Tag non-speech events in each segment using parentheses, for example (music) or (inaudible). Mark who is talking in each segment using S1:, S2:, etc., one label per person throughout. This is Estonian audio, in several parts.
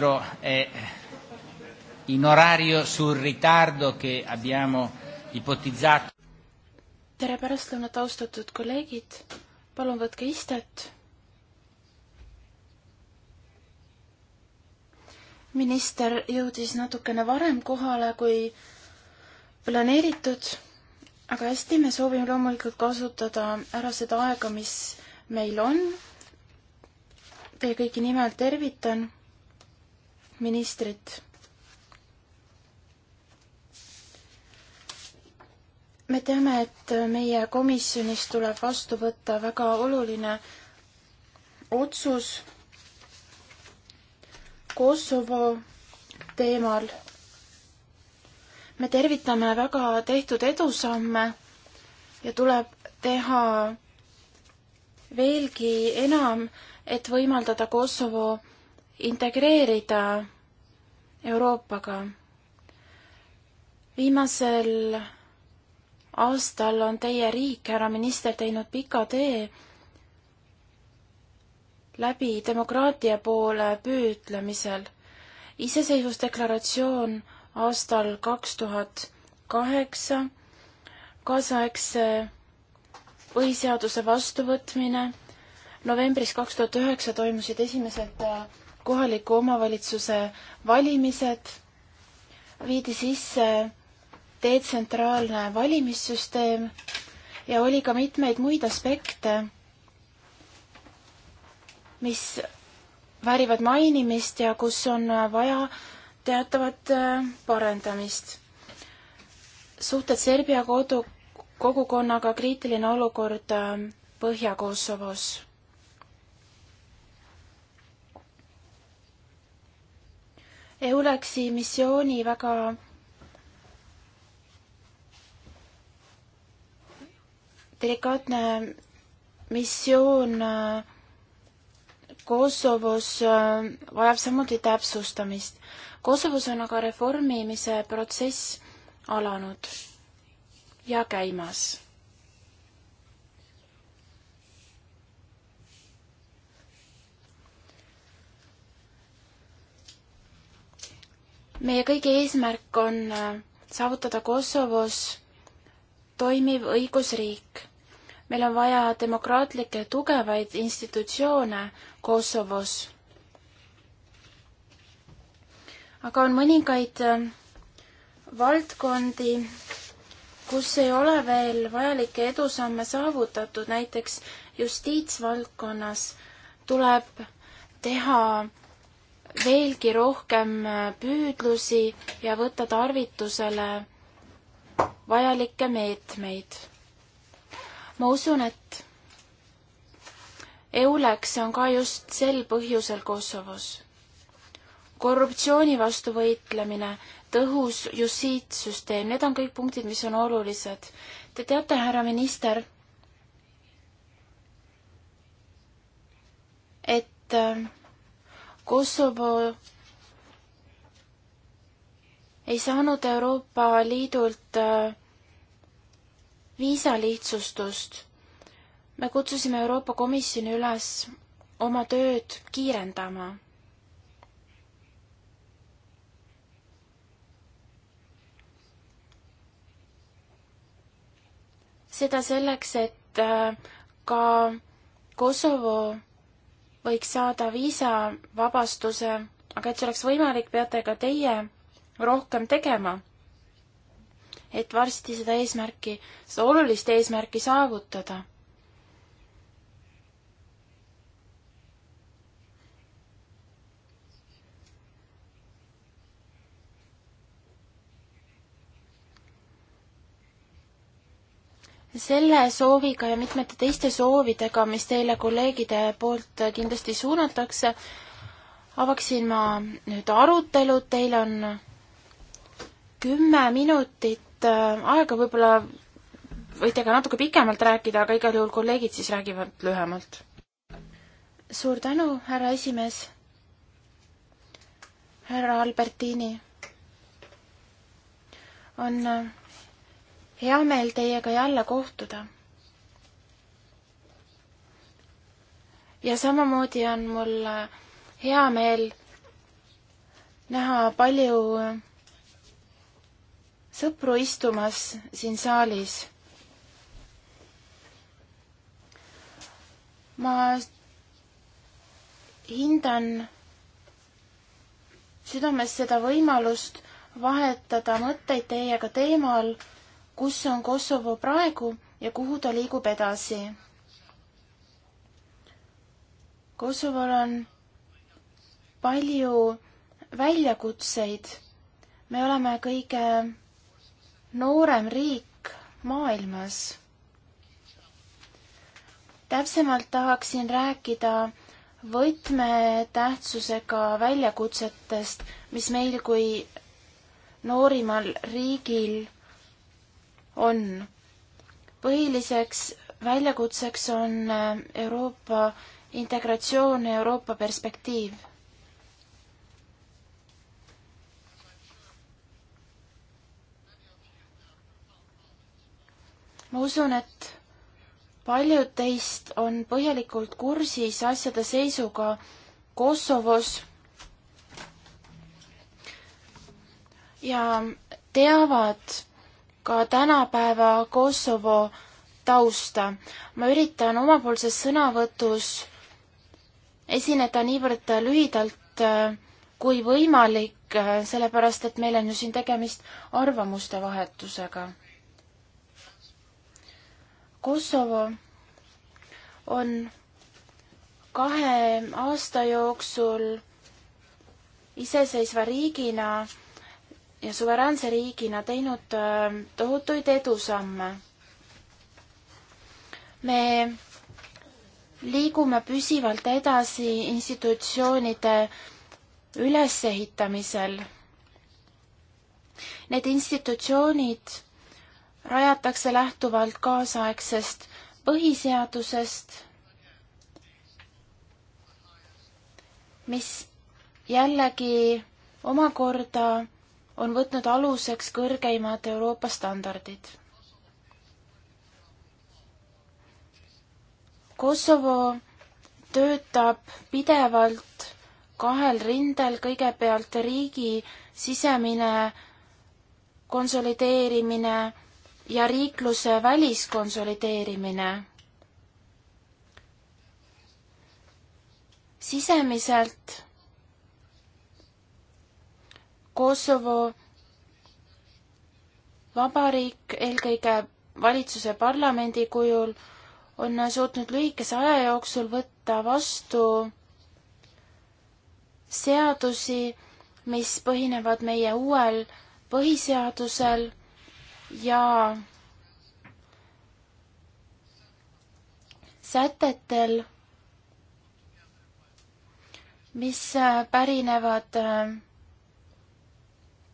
S1: Ministro è in orario sul ritardo che abbiamo ipotizzato.
S2: tere pärastlõunat, austatud kolleegid, palun võtke istet. minister jõudis natukene varem kohale kui planeeritud, aga hästi, me soovime loomulikult kasutada ära seda aega, mis meil on. Teie kõiki nimel tervitan ministrit. me teame, et meie komisjonis tuleb vastu võtta väga oluline otsus Kosovo teemal. me tervitame väga tehtud edusamme ja tuleb teha veelgi enam, et võimaldada Kosovo integreerida Euroopaga. viimasel aastal on teie riik, härra minister, teinud pika tee läbi demokraatia poole püüdlemisel. iseseisvusdeklaratsioon aastal kaks tuhat kaheksa, kaasaegse põhiseaduse vastuvõtmine, novembris kaks tuhat üheksa toimusid esimesed äh, kohaliku omavalitsuse valimised, viidi sisse detsentraalne valimissüsteem ja oli ka mitmeid muid aspekte, mis väärivad mainimist ja kus on vaja teatavat äh, parendamist. suhted Serbia kodu, kogukonnaga kriitiline olukord äh, Põhja-Kosovos EULEX-i missiooni väga delikaatne missioon äh, Kosovos äh, vajab samuti täpsustamist. Kosovos on aga reformimise protsess alanud ja käimas meie kõigi eesmärk on äh, saavutada Kosovos toimiv õigusriik. meil on vaja demokraatlikke tugevaid institutsioone Kosovos. aga on mõningaid äh, valdkondi, kus ei ole veel vajalikke edusamme saavutatud, näiteks justiitsvaldkonnas tuleb teha veelgi rohkem äh, püüdlusi ja võtta tarvitusele vajalikke meetmeid. ma usun, et EULEX on ka just sel põhjusel Kosovos. korruptsiooni vastu võitlemine, tõhus justiitssüsteem, need on kõik punktid, mis on olulised. Te teate, härra minister, et äh, Kosovo ei saanud Euroopa Liidult äh, viisalihtsustust. me kutsusime Euroopa Komisjoni üles oma tööd kiirendama. seda selleks, et äh, ka Kosovo võiks saada viisavabastuse, aga et see oleks võimalik, peate ka teie rohkem tegema. et varsti seda eesmärki, seda olulist eesmärki saavutada selle sooviga ja mitmete teiste soovidega, mis teile kolleegide poolt kindlasti suunatakse, avaksin ma nüüd arutelud, teil on kümme minutit äh, aega, võib-olla võite ka natuke pikemalt rääkida, aga igal juhul kolleegid siis räägivad lühemalt. suur tänu, härra esimees, härra Albertini. on äh, hea meel teiega jälle kohtuda. ja samamoodi on mul äh, hea meel näha palju äh, sõpru istumas siin saalis. ma hindan südames seda võimalust vahetada mõtteid teiega teemal, kus on Kosovo praegu ja kuhu ta liigub edasi. Kosovol on palju väljakutseid. me oleme kõige noorem riik maailmas. täpsemalt tahaksin rääkida võtmetähtsusega väljakutsetest, mis meil kui noorimal riigil on. põhiliseks väljakutseks on äh, Euroopa integratsioon ja Euroopa perspektiiv. ma usun, et paljud teist on põhjalikult kursis asjade seisuga Kosovos ja teavad, ka tänapäeva Kosovo tausta. ma üritan omapoolses sõnavõtus esineda niivõrd lühidalt äh, kui võimalik, äh, sellepärast et meil on ju siin tegemist arvamuste vahetusega. Kosovo on kahe aasta jooksul iseseisva riigina ja suveräänse riigina teinud äh, tohutuid edusamme. me liigume püsivalt edasi institutsioonide ülesehitamisel. Need institutsioonid rajatakse lähtuvalt kaasaegsest põhiseadusest, mis jällegi omakorda on võtnud aluseks kõrgeimad Euroopa standardid. Kosovo töötab pidevalt kahel rindel, kõigepealt riigi sisemine konsolideerimine ja riikluse väliskonsolideerimine. sisemiselt Kosovo vabariik eelkõige valitsuse parlamendi kujul on suutnud lühikese aja jooksul võtta vastu seadusi, mis põhinevad meie uuel põhiseadusel ja sätetel, mis pärinevad äh,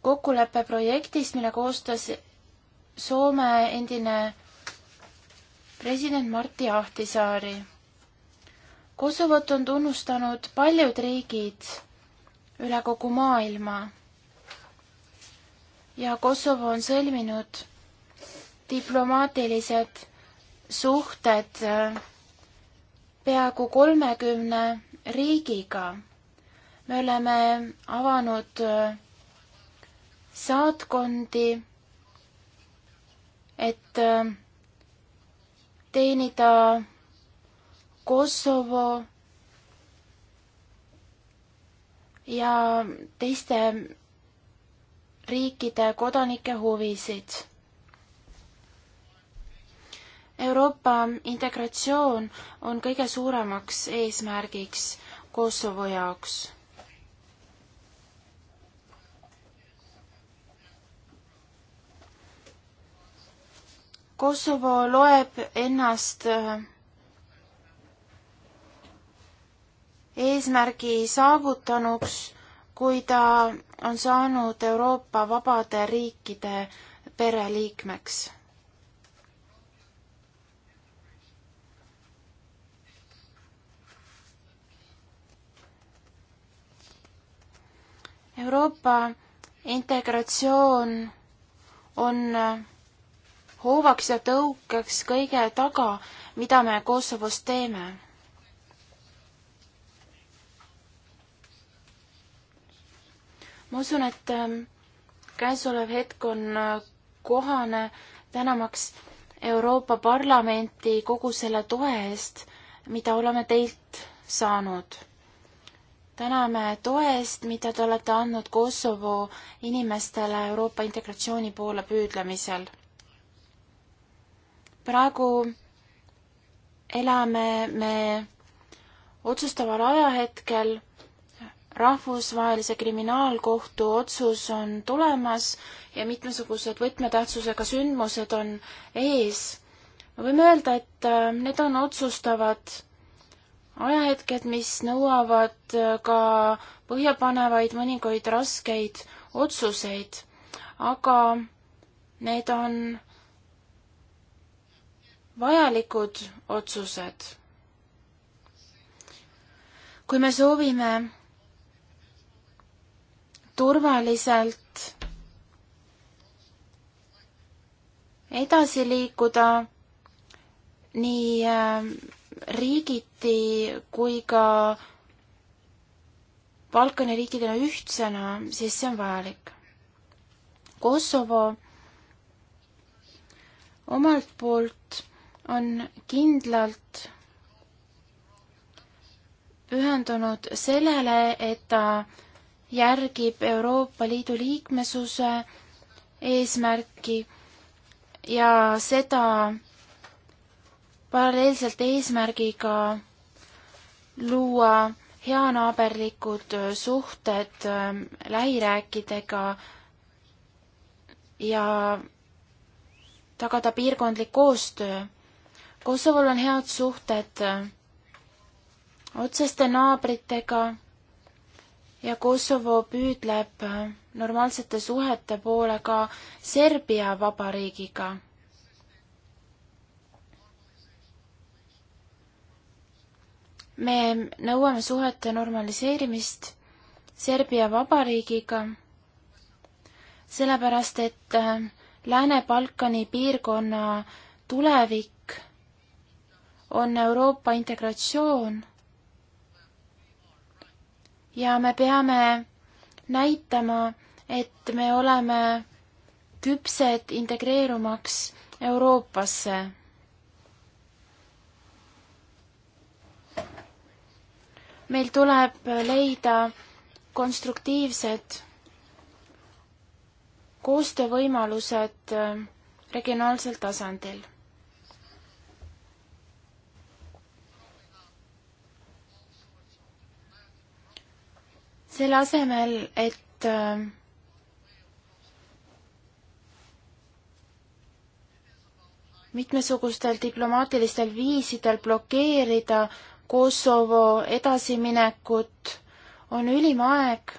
S2: kokkuleppe projektist, mille koostas Soome endine president Martti Ahtisaari. Kosovot on tunnustanud paljud riigid üle kogu maailma ja Kosovo on sõlminud diplomaatilised suhted äh, peaaegu kolmekümne riigiga. me oleme avanud äh, saatkondi, et äh, teenida Kosovo ja teiste riikide kodanike huvisid. Euroopa integratsioon on kõige suuremaks eesmärgiks Kosovo jaoks Kosovo loeb ennast äh, eesmärgi saavutanuks, kui ta on saanud Euroopa vabade riikide pereliikmeks. Euroopa integratsioon on äh, hoovaks ja tõukeks kõige taga, mida me Kosovos teeme. ma usun, et ähm, käesolev hetk on äh, kohane tänamaks Euroopa Parlamenti kogu selle toe eest, mida oleme teilt saanud. täname toe eest, mida te olete andnud Kosovo inimestele Euroopa integratsiooni poole püüdlemisel praegu elame me otsustaval ajahetkel, rahvusvahelise kriminaalkohtu otsus on tulemas ja mitmesugused võtmetähtsusega sündmused on ees. me võime öelda, et äh, need on otsustavad ajahetked, mis nõuavad äh, ka põhjapanevaid, mõningaid raskeid otsuseid, aga need on vajalikud otsused. kui me soovime turvaliselt edasi liikuda nii ähm, riigiti kui ka Balkani riikidena ühtsena, siis see on vajalik. Kosovo omalt poolt on kindlalt pühendunud sellele, et ta järgib Euroopa Liidu liikmesuse eesmärki ja seda paralleelselt eesmärgiga luua heanaaberlikud suhted ähm, lähirääkidega ja tagada piirkondlik koostöö Kosovol on head suhted äh, otseste naabritega ja Kosovo püüdleb äh, normaalsete suhete poole ka Serbia vabariigiga. me nõuame suhete normaliseerimist Serbia vabariigiga, sellepärast et äh, Lääne-Balkani piirkonna tulevik on Euroopa integratsioon. ja me peame näitama, et me oleme küpsed integreerumaks Euroopasse. meil tuleb leida konstruktiivsed koostöövõimalused regionaalsel tasandil selle asemel, et äh, mitmesugustel diplomaatilistel viisidel blokeerida Kosovo edasiminekut, on ülim aeg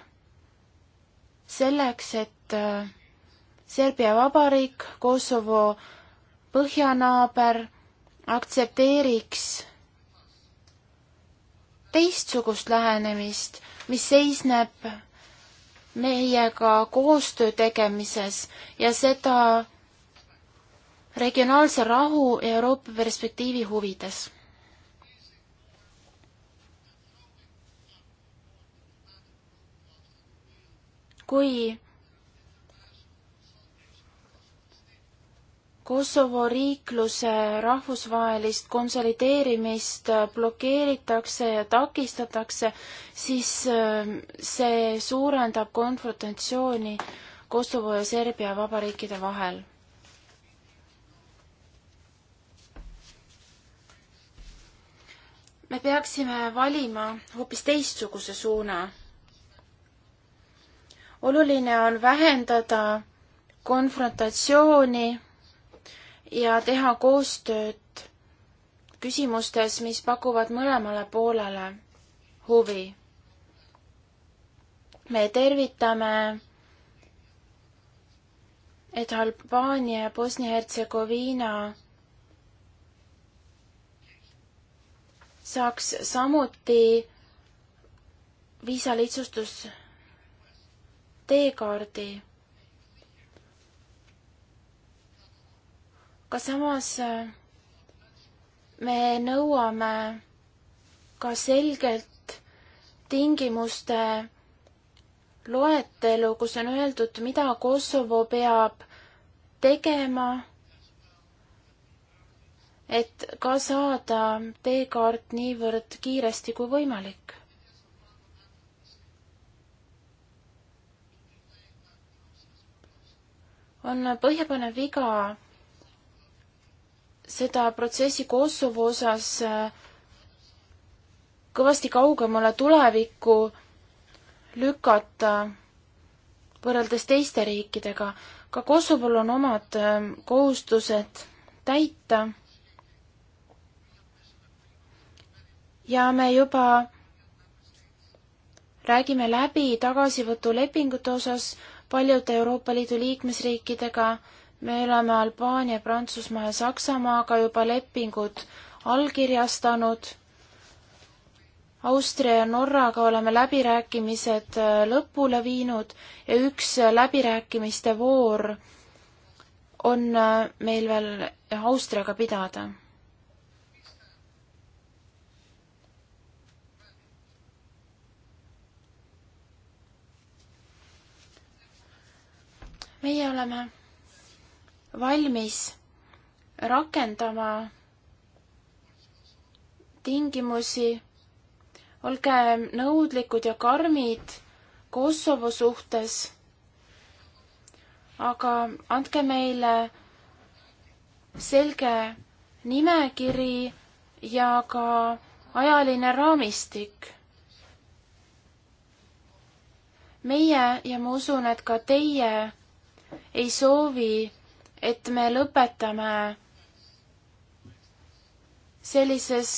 S2: selleks, et äh, Serbia Vabariik, Kosovo põhjanaaber aktsepteeriks teistsugust lähenemist, mis seisneb meiega koostöö tegemises ja seda regionaalse rahu ja Euroopa perspektiivi huvides. kui Kosovo riikluse rahvusvahelist konsolideerimist blokeeritakse ja takistatakse, siis ähm, see suurendab konfrontatsiooni Kosovo ja Serbia vabariikide vahel. me peaksime valima hoopis teistsuguse suuna. oluline on vähendada konfrontatsiooni ja teha koostööd küsimustes, mis pakuvad mõlemale poolele huvi. me tervitame, et Albaania ja Bosnia-Hertsegoviina saaks samuti viisalihtsustus teekaardi aga samas äh, me nõuame ka selgelt tingimuste loetelu, kus on öeldud, mida Kosovo peab tegema, et ka saada teekaart niivõrd kiiresti kui võimalik on põhjapanev viga seda protsessi Kosovo osas äh, kõvasti kaugemale tulevikku lükata võrreldes teiste riikidega. ka Kosovol on omad äh, kohustused täita. ja me juba räägime läbi tagasivõtulepingute osas paljude Euroopa Liidu liikmesriikidega me oleme Albaania, Prantsusmaa ja Saksamaaga juba lepingud allkirjastanud. Austria ja Norraga oleme läbirääkimised äh, lõpule viinud ja üks äh, läbirääkimiste voor on äh, meil veel Austriaga pidada meie oleme valmis rakendama tingimusi, olge nõudlikud ja karmid Kosovo suhtes, aga andke meile selge nimekiri ja ka ajaline raamistik. meie ja ma usun, et ka teie ei soovi et me lõpetame sellises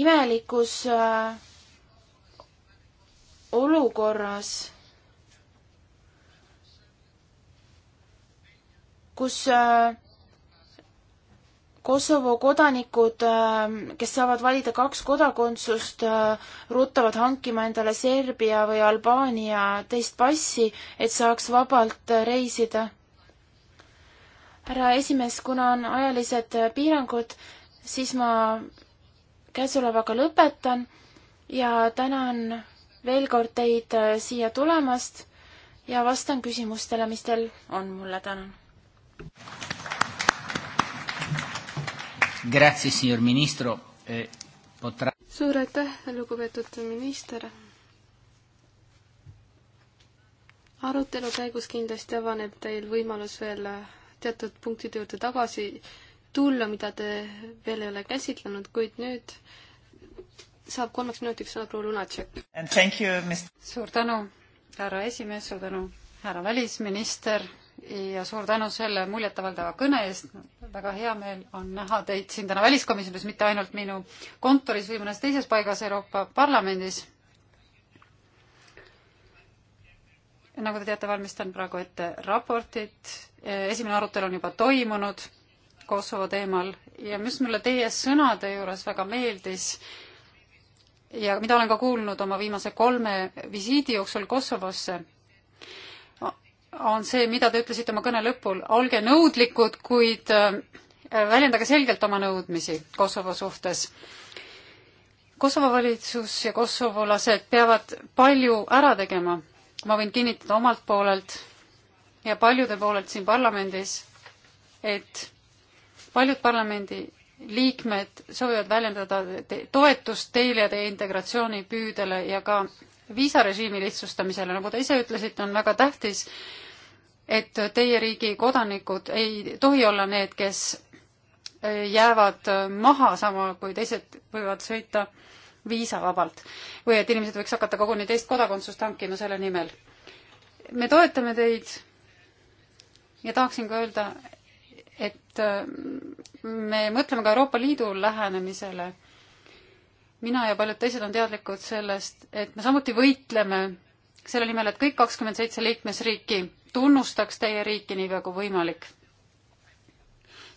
S2: imelikus äh, olukorras, kus äh, Kosovo kodanikud, äh, kes saavad valida kaks kodakondsust, äh, ruttavad hankima endale Serbia või Albaania teist passi, et saaks vabalt reisida. härra esimees, kuna on ajalised piirangud, siis ma käesolevaga lõpetan ja tänan veel kord teid äh, siia tulemast ja vastan küsimustele, mis teil on mulle, tänan.
S1: Grazie, signor ministro eh,. Potra...
S2: suur aitäh, lugupeetud
S3: minister. arutelu käigus kindlasti avaneb teil võimalus veel teatud punktide juurde tagasi tulla, mida te veel ei ole käsitlenud, kuid nüüd saab kolmeks minutiks sõna proua
S4: Lunatšek. suur tänu, härra esimees, suur tänu, härra välisminister ja suur tänu selle muljetavaldava kõne eest. väga hea meel on näha teid siin täna väliskomisjonis, mitte ainult minu kontoris või mõnes teises paigas Euroopa Parlamendis. nagu te teate, valmistan praegu ette raportit. esimene arutelu on juba toimunud Kosovo teemal ja mis mulle teie sõnade juures väga meeldis ja mida olen ka kuulnud oma viimase kolme visiidi jooksul Kosovosse on see, mida te ütlesite oma kõne lõpul, olge nõudlikud, kuid äh, väljendage selgelt oma nõudmisi Kosovo suhtes. Kosovo valitsus ja kosovolased peavad palju ära tegema, ma võin kinnitada omalt poolelt ja paljude poolelt siin parlamendis, et paljud parlamendi liikmed soovivad väljendada te toetust teile ja teie integratsioonipüüdele ja ka viisarežiimi lihtsustamisele, nagu te ise ütlesite, on väga tähtis et teie riigi kodanikud ei tohi olla need, kes jäävad maha, sama kui teised võivad sõita viisavabalt. või et inimesed võiks hakata koguni teist kodakondsust hankima selle nimel. me toetame teid ja tahaksin ka öelda, et me mõtleme ka Euroopa Liidu lähenemisele. mina ja paljud teised on teadlikud sellest, et me samuti võitleme selle nimel, et kõik kakskümmend seitse liikmesriiki tunnustaks teie riiki niipea kui võimalik.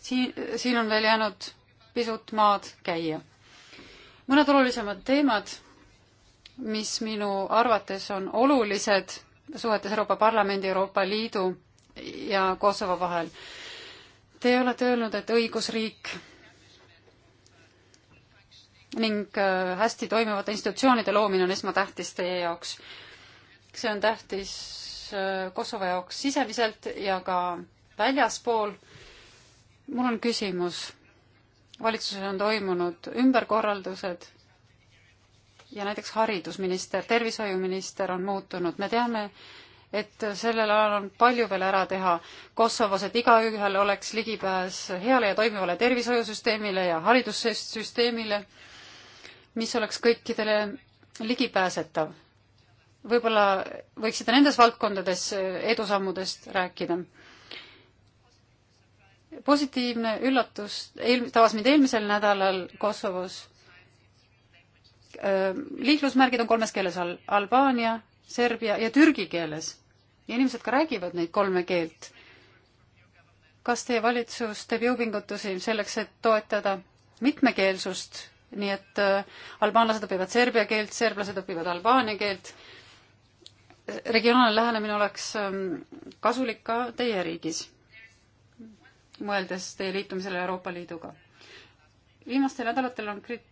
S4: siin, siin on veel jäänud pisut maad käia. mõned olulisemad teemad, mis minu arvates on olulised suhetes Euroopa Parlamendi, Euroopa Liidu ja Kosovo vahel. Te olete öelnud, et õigusriik ning äh, hästi toimivate institutsioonide loomine on esmatähtis teie jaoks. see on tähtis Äh, Kosovo jaoks sisemiselt ja ka väljaspool. mul on küsimus. valitsusel on toimunud ümberkorraldused ja näiteks haridusminister, tervishoiuminister on muutunud. me teame, et sellel alal on palju veel ära teha Kosovos, et igaühel oleks ligipääs heale ja toimivale tervishoiusüsteemile ja haridussüsteemile, mis oleks kõikidele ligipääsetav võib-olla võiksite nendes valdkondades eh, edusammudest rääkida. positiivne üllatus eel-, tabas mind eelmisel nädalal Kosovos. Äh, liiklusmärgid on kolmes keeles all, Albaania, serbia ja türgi keeles. ja inimesed ka räägivad neid kolme keelt. kas teie valitsus teeb jõupingutusi selleks, et toetada mitmekeelsust, nii et äh, albaanlased õpivad serbia keelt, serblased õpivad albaania keelt regionaalne lähenemine oleks ähm, kasulik ka teie riigis, mõeldes teie liitumisele Euroopa Liiduga. viimastel nädalatel on krit-,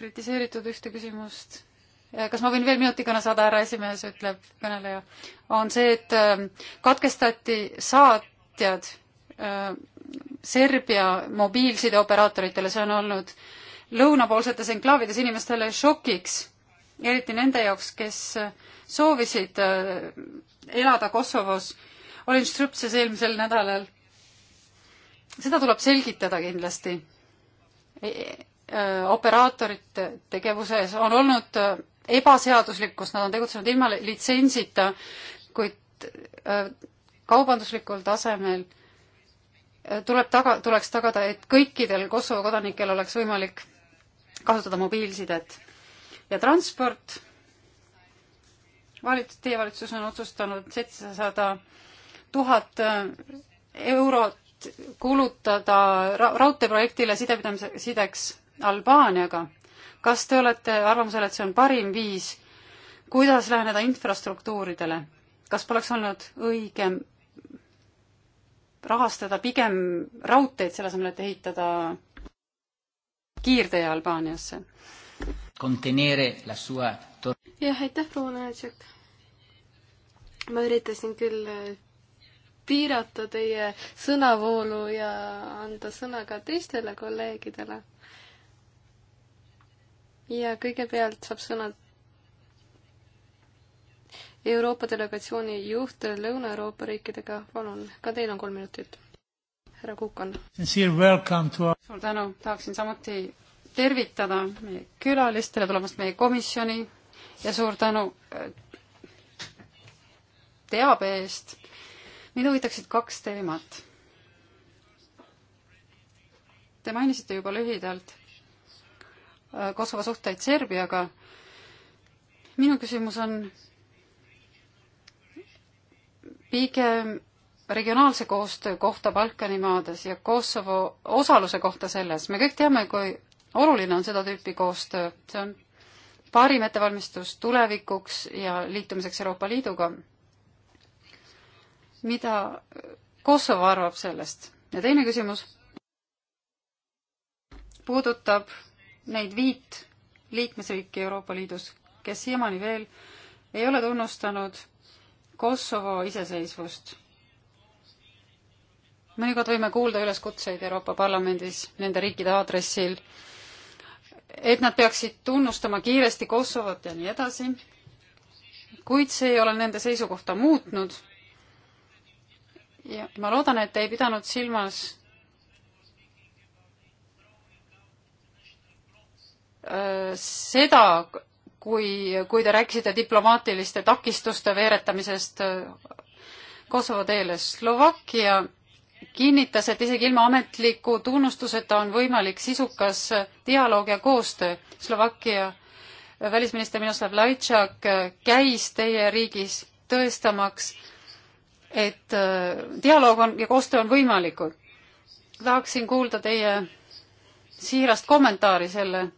S4: kritiseeritud ühte küsimust, kas ma võin veel minuti kõne saada, härra esimees, ütleb kõneleja, on see, et ähm, katkestati saatjad ähm, Serbia mobiilsideoperaatoritele, see on olnud lõunapoolsetes enklaavides inimestele šokiks, eriti nende jaoks, kes äh, soovisid äh, elada Kosovos. olin Strüpses eelmisel nädalal. seda tuleb selgitada kindlasti. E, e, äh, operaatorite tegevuses on olnud äh, ebaseaduslikkust, nad on tegutsenud ilma litsentsita, kuid kaubanduslikul tasemel tuleb taga, tuleks tagada, et kõikidel Kosovo kodanikel oleks võimalik kasutada mobiilsidet. ja transport valitsus, teie valitsus on otsustanud seitsesada tuhat äh, eurot kulutada ra-, raudteeprojektile sidepidamise, sideks Albaaniaga. kas te olete arvamusel, et see on parim viis, kuidas läheneda infrastruktuuridele? kas poleks olnud õigem rahastada pigem raudteed, selle asemel, et ehitada kiirtee Albaaniasse?
S1: Contenere la sua
S3: tor- jah, aitäh, proua Naatšak. ma üritasin küll äh, piirata teie sõnavoolu ja anda sõna ka teistele kolleegidele. ja kõigepealt saab sõna Euroopa delegatsiooni juht Lõuna-Euroopa riikidega, palun, ka teil on kolm minutit. härra Kukan. suur
S4: tänu, tahaksin samuti tervitada meie külalist, tere tulemast meie komisjoni ja suur tänu äh, teabe eest. mind huvitaksid kaks teemat. Te mainisite juba lühidalt äh, Kosovo suhteid Serbiaga. minu küsimus on pigem regionaalse koostöö kohta Balkani maades ja Kosovo osaluse kohta selles. me kõik teame, kui oluline on seda tüüpi koostöö, see on parim ettevalmistus tulevikuks ja liitumiseks Euroopa Liiduga. mida Kosovo arvab sellest? ja teine küsimus puudutab neid viit liikmesriiki Euroopa Liidus, kes siiamaani veel ei ole tunnustanud Kosovo iseseisvust. mõnikord võime kuulda üleskutseid Euroopa Parlamendis nende riikide aadressil äh, et nad peaksid tunnustama kiiresti Kosovot ja nii edasi, kuid see ei ole nende seisukohta muutnud. ja ma loodan, et ei pidanud silmas äh, seda, kui, kui te rääkisite diplomaatiliste takistuste veeretamisest äh, Kosovo teele. Slovakkia kinnitas, et isegi ilma ametliku tunnustuseta on võimalik sisukas dialoog ja koostöö. Slovakkia välisminister Miroslav Lajtšak käis teie riigis tõestamaks, et äh, dialoog on ja koostöö on võimalikud. tahaksin kuulda teie siirast kommentaari selle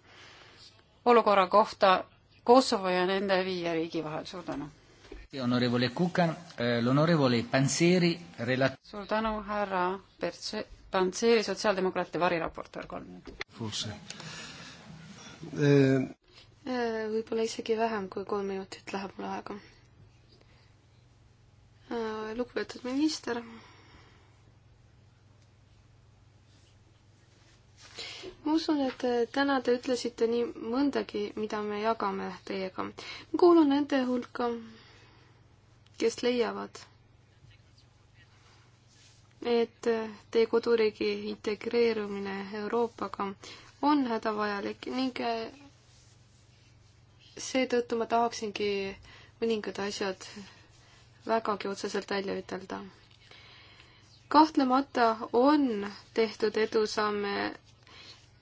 S4: olukorra kohta Kosovo ja nende viie riigi vahel. suur tänu
S1: onorevole Kukan, eh, l'onorevole Panseri relat-.
S4: suur tänu, härra Pertse-, Panseri, sotsiaaldemokraatide variraportöör, kolm
S1: minutit. Eh.
S3: Eh, võib-olla isegi vähem kui kolm minutit läheb mul aega. lugupeetud minister. ma usun, et täna te ütlesite nii mõndagi, mida me jagame teiega. ma kuulun nende hulka kes leiavad, et teie koduriigi integreerumine Euroopaga on hädavajalik ning seetõttu ma tahaksingi mõningad asjad vägagi otseselt välja ütelda. kahtlemata on tehtud edusamme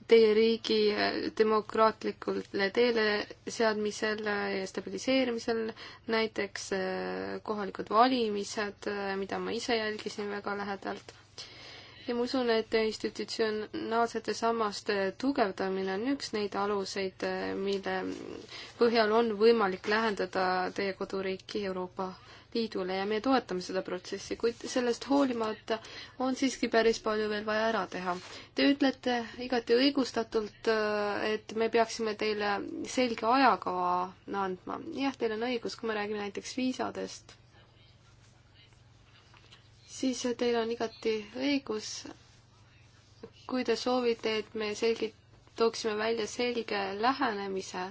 S3: teie riigi eh, demokraatlikule teele seadmisele ja stabiliseerimisel, näiteks eh, kohalikud valimised, eh, mida ma ise jälgisin väga lähedalt. ja ma usun, et institutsionaalsete sammaste tugevdamine on üks neid aluseid, mille põhjal on võimalik lähendada teie koduriiki Euroopa Liidule ja me toetame seda protsessi, kuid sellest hoolimata on siiski päris palju veel vaja ära teha. Te ütlete igati õigustatult, äh, et me peaksime teile selge ajakava andma. jah, teil on õigus, kui me räägime näiteks viisadest, siis teil on igati õigus, kui te soovite, et me selgit-, tooksime välja selge lähenemise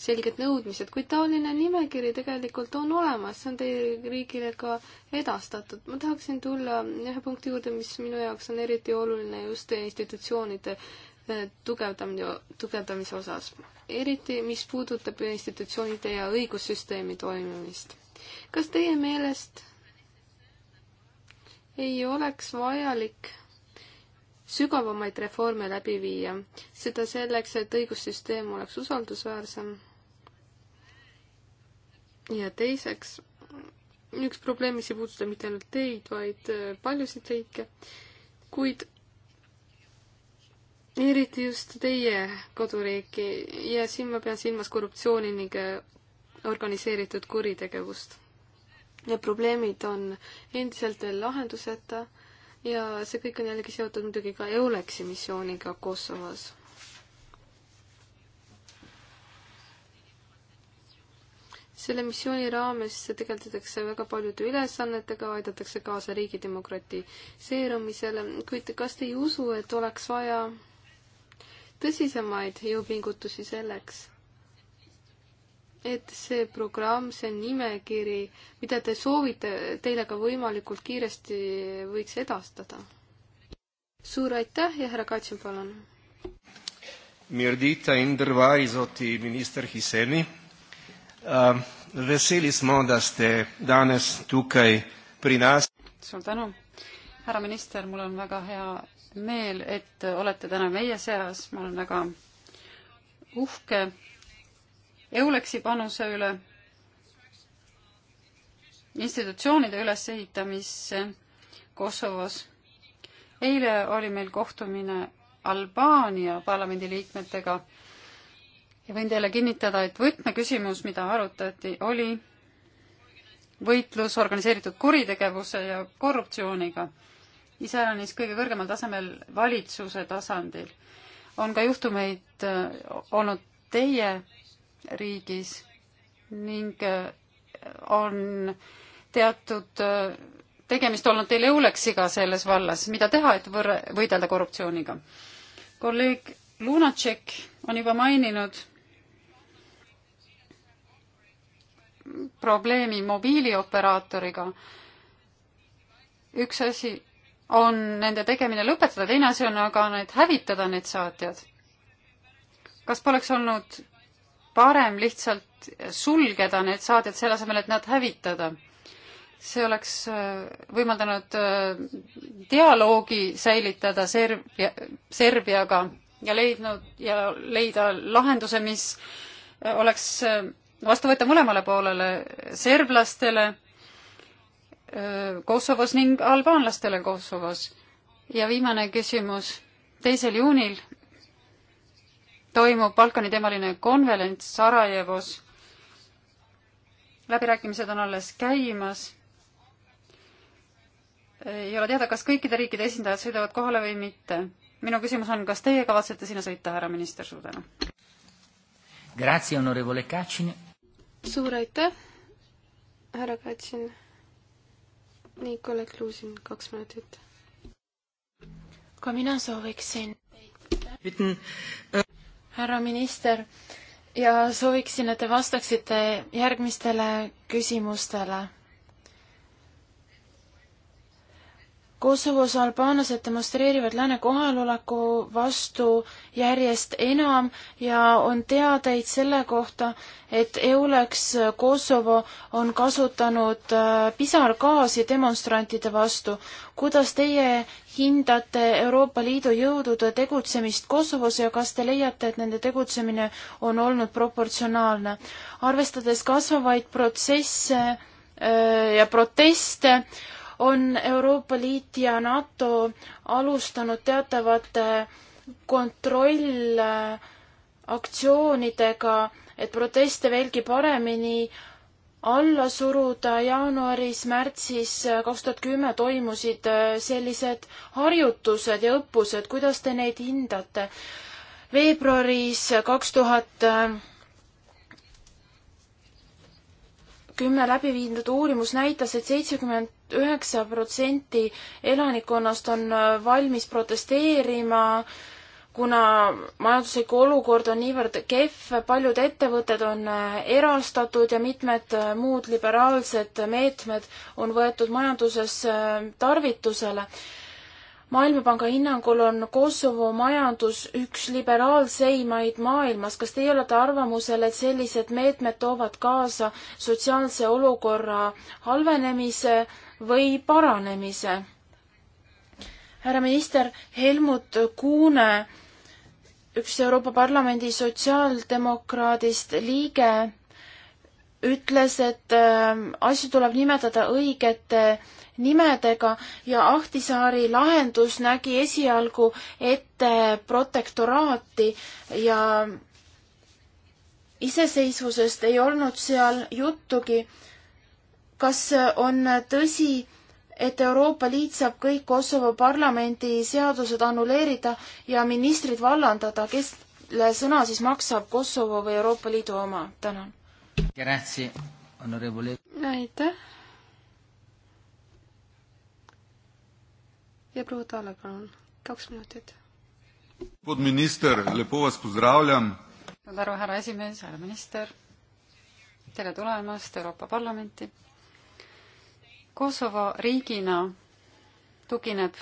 S3: selged nõudmised, kuid taoline nimekiri tegelikult on olemas, see on teie riigile ka edastatud. ma tahaksin tulla ühe punkti juurde, mis minu jaoks on eriti oluline just institutsioonide äh, tugevdamine, tugevdamise osas. eriti, mis puudutab institutsioonide ja õigussüsteemi toimimist. kas teie meelest ei oleks vajalik sügavamaid reforme läbi viia, seda selleks, et õigussüsteem oleks usaldusväärsem ja teiseks, üks probleem, mis ei puuduta mitte ainult teid, vaid äh, paljusid riike, kuid eriti just teie koduriiki ja siin ma pean silmas korruptsiooni ning äh, organiseeritud kuritegevust. Need probleemid on endiselt veel lahenduseta ja see kõik on jällegi seotud muidugi ka EULEX-i missiooniga Kosovos selle missiooni raames tegeldakse väga paljude ülesannetega, aidatakse kaasa riigi demokratiseerumisele, kuid kas te ei usu, et oleks vaja tõsisemaid jõupingutusi selleks, et see programm, see nimekiri, mida te soovite, teile ka võimalikult kiiresti võiks edastada? suur aitäh ja härra Katsin, palun!
S1: Mirdita Inder Vaisoti minister Hiseni Um, veseli smo, da ste danes tukaj pri nas.
S4: suur tänu, härra minister, mul on väga hea meel, et olete täna meie seas, ma olen väga uhke Euleksi panuse üle, institutsioonide ülesehitamisse Kosovos. eile oli meil kohtumine Albaania parlamendiliikmetega ja võin teile kinnitada, et võtmeküsimus, mida arutati, oli võitlus organiseeritud kuritegevuse ja korruptsiooniga, iseäranis kõige kõrgemal tasemel valitsuse tasandil. on ka juhtumeid äh, olnud teie riigis ning äh, on teatud äh, tegemist olnud teil EULEX-iga selles vallas, mida teha, et võrre, võidelda korruptsiooniga? kolleeg Lunacek on juba maininud probleemi mobiilioperaatoriga. üks asi on nende tegemine lõpetada, teine asi on aga need hävitada, need saatjad. kas poleks olnud parem lihtsalt sulgeda need saatjad selle asemel, et nad hävitada? see oleks äh, võimaldanud äh, dialoogi säilitada Serbia, Serbiaga ja leidnud ja leida lahenduse, mis äh, oleks vastu võtta mõlemale poolele, serblastele Kosovos ning albaanlastele Kosovos. ja viimane küsimus, teisel juunil toimub Balkani teemaline konverents Sarajevos. läbirääkimised on alles käimas. ei ole teada, kas kõikide riikide esindajad sõidavad kohale või mitte. minu küsimus on, kas teie kavatsete sinna sõita, härra minister, suur tänu.
S1: Grazie, onorevole Kacin
S3: suur aitäh, härra Katsin. nii, kolleeg Luusin, kaks minutit.
S2: ka mina sooviksin äh, härra minister ja sooviksin, et te vastaksite järgmistele küsimustele Kosovos albaanlased demonstreerivad lääne kohaloleku vastu järjest enam ja on teadeid selle kohta, et EULEX Kosovo on kasutanud äh, pisargaasi demonstrantide vastu. kuidas teie hindate Euroopa Liidu jõudude tegutsemist Kosovos ja kas te leiate, et nende tegutsemine on olnud proportsionaalne? arvestades kasvavaid protsesse äh, ja proteste, on Euroopa Liit ja NATO alustanud teatavate kontrollaktsioonidega, et proteste veelgi paremini alla suruda. jaanuaris-märtsis kaks tuhat kümme toimusid äh, sellised harjutused ja õppused, kuidas te neid hindate? veebruaris kaks tuhat äh, kümme läbi viidud uurimus näitas et, et seitsekümmend üheksa protsenti elanikkonnast on äh, valmis protesteerima, kuna majanduslik olukord on niivõrd kehv, paljud ettevõtted on äh, erastatud ja mitmed äh, muud liberaalsed meetmed on võetud majanduses tarvitusele. maailmapanga hinnangul on Kosovo majandus üks liberaalseimaid maailmas. kas teie olete arvamusel, et sellised meetmed toovad kaasa sotsiaalse olukorra halvenemise või paranemise. härra minister Helmut Kuune, üks Euroopa Parlamendi sotsiaaldemokraadist liige, ütles, et ähm, asju tuleb nimetada õigete nimedega ja Ahtisaari lahendus nägi esialgu ette protektoraati ja iseseisvusest ei olnud seal juttugi kas äh, on äh, tõsi, et Euroopa Liit saab kõik Kosovo parlamendi seadused annuleerida ja ministrid vallandada, kelle sõna siis maksab Kosovo või Euroopa Liidu oma? tänan. aitäh.
S3: ja proua Taale, palun, kaks minutit.
S1: minister, suur tänu,
S4: härra esimees, härra minister. tere tulemast Euroopa Parlamenti Kosovo riigina tugineb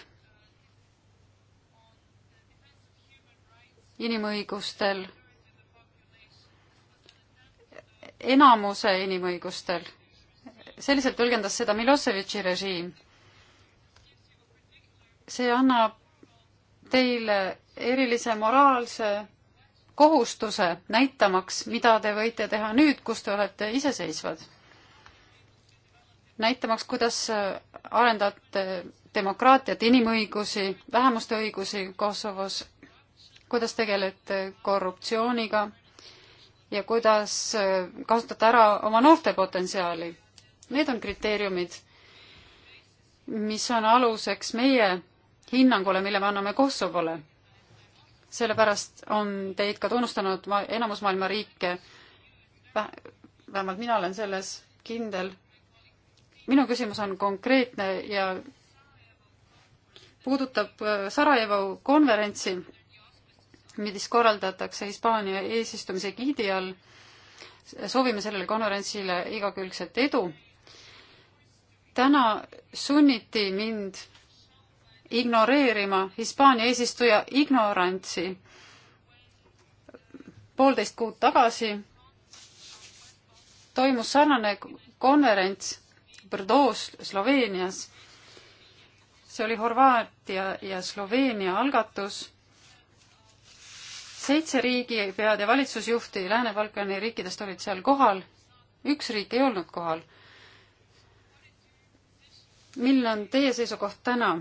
S4: inimõigustel, enamuse inimõigustel. selliselt tõlgendas seda Milosevici režiim. see annab teile erilise moraalse kohustuse näitamaks, mida te võite teha nüüd, kus te olete iseseisvad näitamaks, kuidas äh, arendate demokraatiat, inimõigusi, vähemuste õigusi Kosovos, kuidas tegelete korruptsiooniga ja kuidas äh, kasutate ära oma noorte potentsiaali. Need on kriteeriumid, mis on aluseks meie hinnangule, mille me anname Kosovole. sellepärast on teid ka tunnustanud ma-, enamus maailma riike, vähemalt mina olen selles kindel minu küsimus on konkreetne ja puudutab äh, Sarajevo konverentsi, mis korraldatakse Hispaania eesistumise giidi all. soovime sellele konverentsile igakülgset edu. täna sunniti mind ignoreerima Hispaania eesistuja ignorantsi poolteist kuud tagasi toimus sarnane konverents Brdoos Sloveenias. see oli Horvaatia ja Sloveenia algatus. seitse riigipead ja valitsusjuhti Lääne-Balkani riikidest olid seal kohal, üks riik ei olnud kohal. milline on teie seisukoht täna?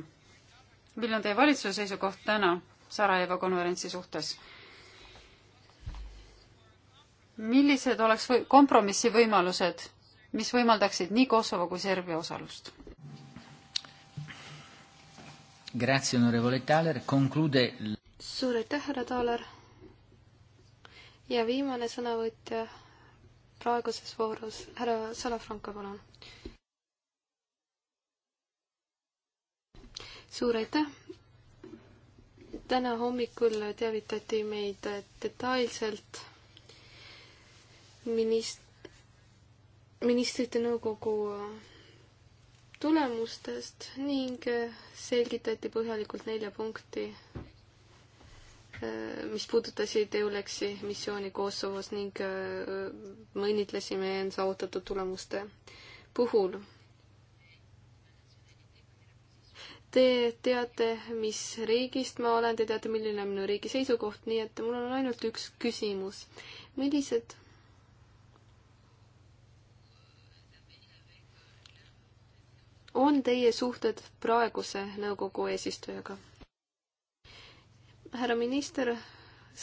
S4: milline on teie valitsuse seisukoht täna Sarajevo konverentsi suhtes? millised oleks või kompromissi võimalused mis võimaldaksid nii Kosovo kui Serbia osalust.
S1: Grazie, onorevole Thaler, conclude.
S3: suur aitäh, härra Thaler. ja viimane sõnavõtja praeguses voorus, härra Salafranco, palun. suur aitäh. täna hommikul teavitati meid detailselt minist-, ministrite nõukogu äh, tulemustest ning äh, selgitati põhjalikult nelja punkti, äh, mis puudutasid EULEX-i missiooni Kosovos ning õnnitlesime end saavutatud tulemuste puhul. Te teate, mis riigist ma olen, te teate, milline on minu riigi seisukoht, nii et mul on ainult üks küsimus. millised on teie suhted praeguse nõukogu eesistujaga? härra minister,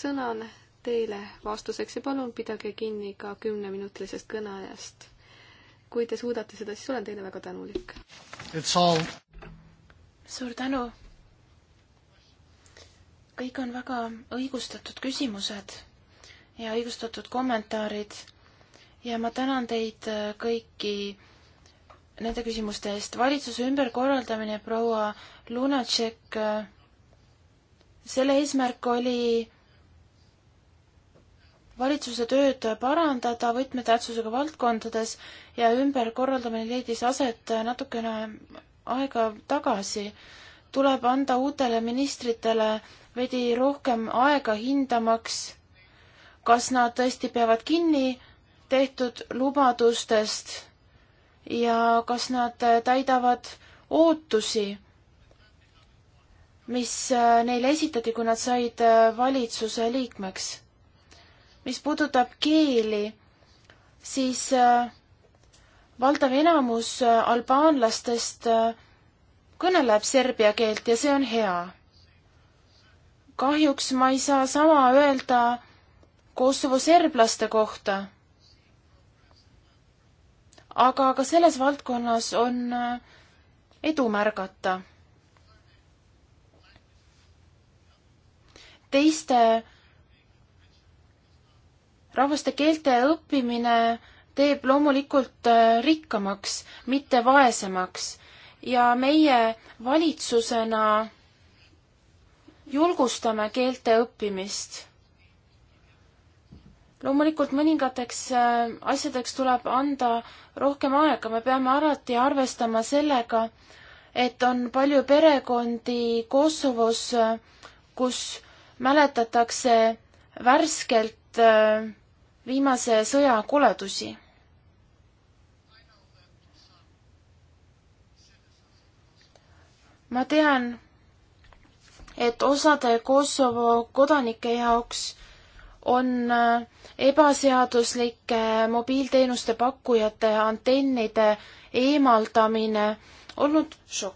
S3: sõna on teile vastuseks ja palun pidage kinni ka kümneminutilisest kõneajast. kui te suudate seda, siis olen teile väga tänulik.
S2: suur tänu. kõik on väga õigustatud küsimused ja õigustatud kommentaarid ja ma tänan teid kõiki nende küsimuste eest. valitsuse ümberkorraldamine, proua Lunatšek, selle eesmärk oli valitsuse tööd parandada võtmetähtsusega valdkondades ja ümberkorraldamine leidis aset natukene aega tagasi. tuleb anda uutele ministritele veidi rohkem aega hindamaks, kas nad tõesti peavad kinni tehtud lubadustest ja kas nad täidavad ootusi, mis äh, neile esitati, kui nad said äh, valitsuse liikmeks. mis puudutab keeli, siis äh, valdav enamus albaanlastest kõneleb serbia keelt ja see on hea. kahjuks ma ei saa sama öelda Kosovo serblaste kohta aga ka selles valdkonnas on äh, edu märgata. teiste rahvaste keelte õppimine teeb loomulikult äh, rikkamaks, mitte vaesemaks ja meie valitsusena julgustame keelte õppimist loomulikult mõningateks äh, asjadeks tuleb anda rohkem aega, me peame alati arvestama sellega, et on palju perekondi Kosovos, äh, kus mäletatakse värskelt äh, viimase sõja koledusi. ma tean, et osade Kosovo kodanike jaoks on äh, ebaseaduslike mobiilteenuste pakkujate antennide eemaldamine olnud šokk.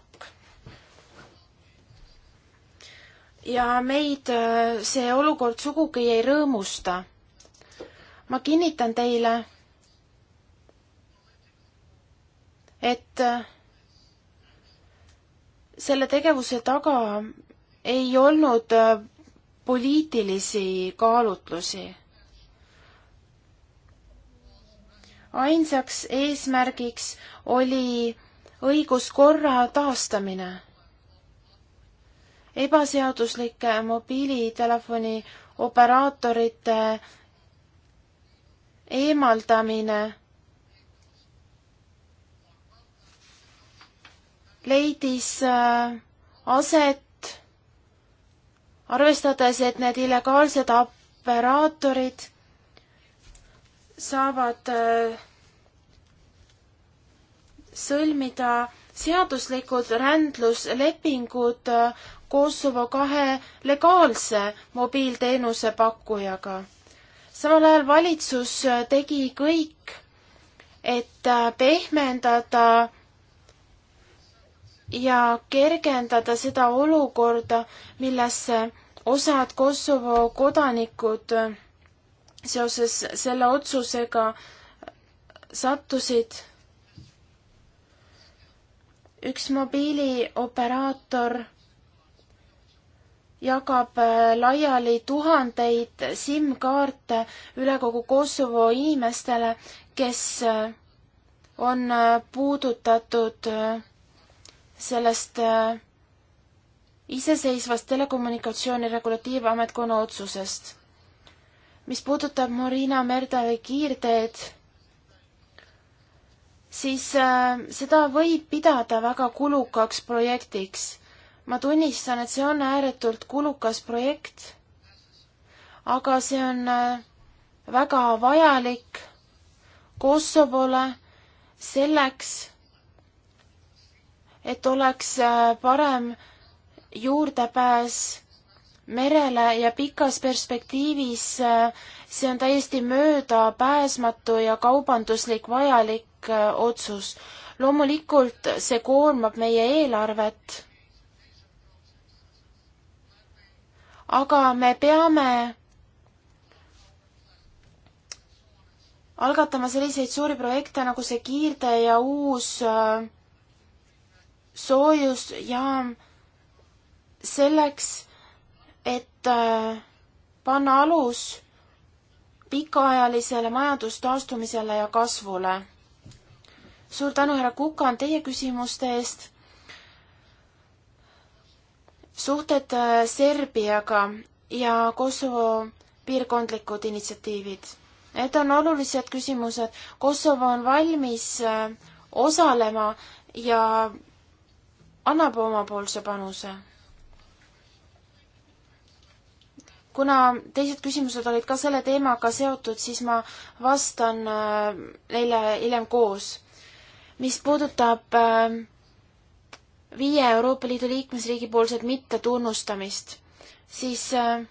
S2: ja meid äh, see olukord sugugi ei rõõmusta. ma kinnitan teile, et äh, selle tegevuse taga ei olnud poliitilisi kaalutlusi. ainsaks eesmärgiks oli õiguskorra taastamine. ebaseaduslike mobiilitelefoni operaatorite eemaldamine leidis äh, aset arvestades, et need illegaalsed operaatorid saavad äh, sõlmida seaduslikud rändluslepingud äh, Kosovo kahe legaalse mobiilteenuse pakkujaga. samal ajal valitsus tegi kõik, et äh, pehmendada ja kergendada seda olukorda, millesse osad Kosovo kodanikud seoses selle otsusega sattusid. üks mobiilioperaator jagab laiali tuhandeid SIM-kaarte üle kogu Kosovo inimestele, kes on puudutatud sellest äh, iseseisvast telekommunikatsiooni regulatiivametkonna otsusest. mis puudutab Marina Merdali kiirteed, siis äh, seda võib pidada väga kulukaks projektiks. ma tunnistan, et see on ääretult kulukas projekt, aga see on äh, väga vajalik Kosovole selleks, et oleks äh, parem juurdepääs merele ja pikas perspektiivis äh, see on täiesti möödapääsmatu ja kaubanduslik vajalik äh, otsus. loomulikult see koormab meie eelarvet. aga me peame algatama selliseid suuri projekte nagu see Kiirde ja uus äh, soojusjaam selleks, et äh, panna alus pikaajalisele majandustaastumisele ja kasvule. suur tänu, härra Kukan, teie küsimuste eest. suhted äh, Serbiaga ja Kosovo piirkondlikud initsiatiivid. Need on olulised küsimused. Kosovo on valmis äh, osalema ja annab omapoolse panuse. kuna teised küsimused olid ka selle teemaga seotud, siis ma vastan äh, neile hiljem koos. mis puudutab äh, viie Euroopa Liidu liikmesriigi poolset mittetunnustamist, siis äh,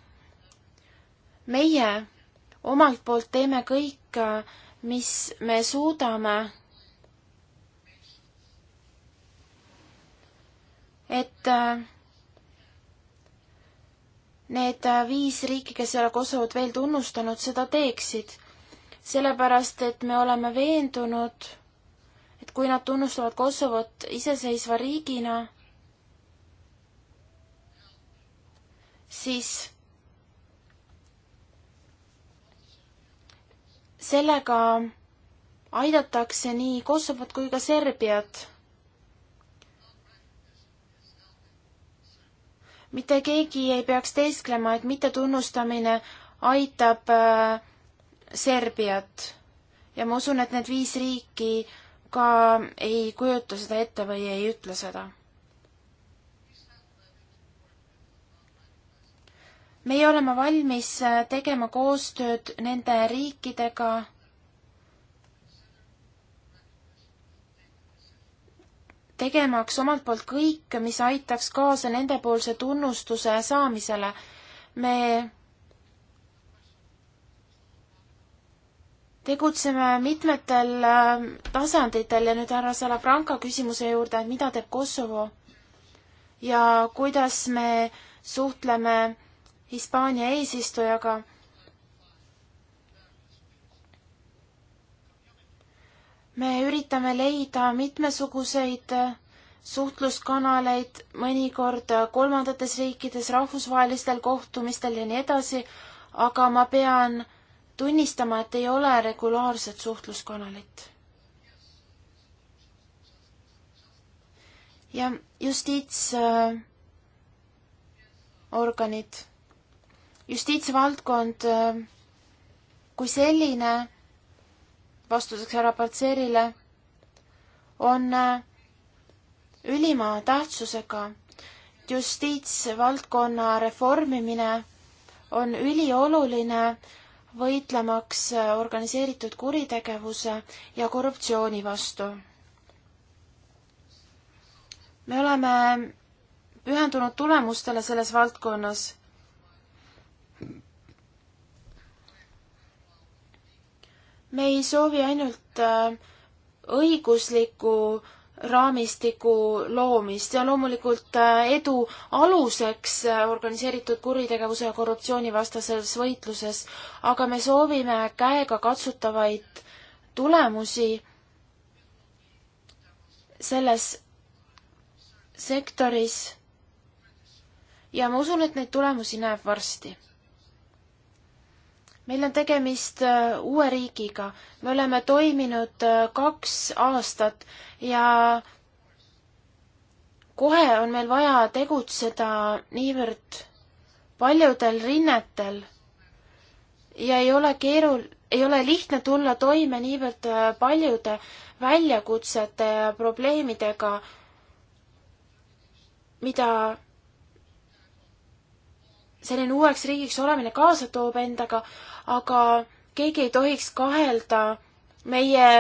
S2: meie omalt poolt teeme kõik, mis me suudame et äh, need äh, viis riiki, kes ei ole Kosovot veel tunnustanud, seda teeksid. sellepärast, et me oleme veendunud, et kui nad tunnustavad Kosovot iseseisva riigina, siis sellega aidatakse nii Kosovot kui ka Serbiat mitte keegi ei peaks teesklema, et mittetunnustamine aitab äh, Serbiat ja ma usun, et need viis riiki ka ei kujuta seda ette või ei ütle seda. meie oleme valmis äh, tegema koostööd nende riikidega tegemaks omalt poolt kõike, mis aitaks kaasa nendepoolse tunnustuse saamisele. me tegutseme mitmetel äh, tasanditel ja nüüd härra Salafranca küsimuse juurde, et mida teeb Kosovo ja kuidas me suhtleme Hispaania eesistujaga me üritame leida mitmesuguseid suhtluskanaleid, mõnikord kolmandates riikides rahvusvahelistel kohtumistel ja nii edasi, aga ma pean tunnistama, et ei ole regulaarset suhtluskanalit. ja justiitsorganid äh,, justiitsvaldkond äh, kui selline vastuseks härra Paltserile on äh, ülima tähtsusega. justiitsvaldkonna reformimine on ülioluline võitlemaks äh, organiseeritud kuritegevuse ja korruptsiooni vastu. me oleme pühendunud tulemustele selles valdkonnas me ei soovi ainult äh, õiguslikku raamistiku loomist ja loomulikult äh, edu aluseks äh, organiseeritud kuritegevuse ja korruptsiooni vastases võitluses, aga me soovime käega katsutavaid tulemusi selles sektoris ja ma usun, et neid tulemusi näeb varsti meil on tegemist äh, uue riigiga, me oleme toiminud äh, kaks aastat ja kohe on meil vaja tegutseda niivõrd paljudel rinnetel ja ei ole keerul-, ei ole lihtne tulla toime niivõrd äh, paljude väljakutsete ja probleemidega, mida selline uueks riigiks olemine kaasa toob endaga, aga keegi ei tohiks kahelda meie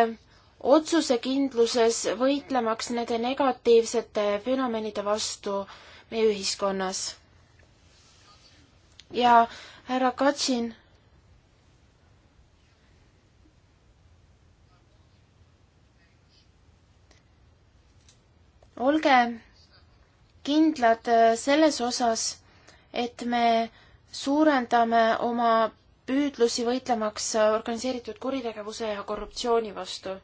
S2: otsusekindluses võitlemaks nende negatiivsete fenomenide vastu meie ühiskonnas. ja härra Katsin. olge kindlad selles osas et me suurendame oma püüdlusi võitlemaks organiseeritud kuritegevuse ja korruptsiooni vastu.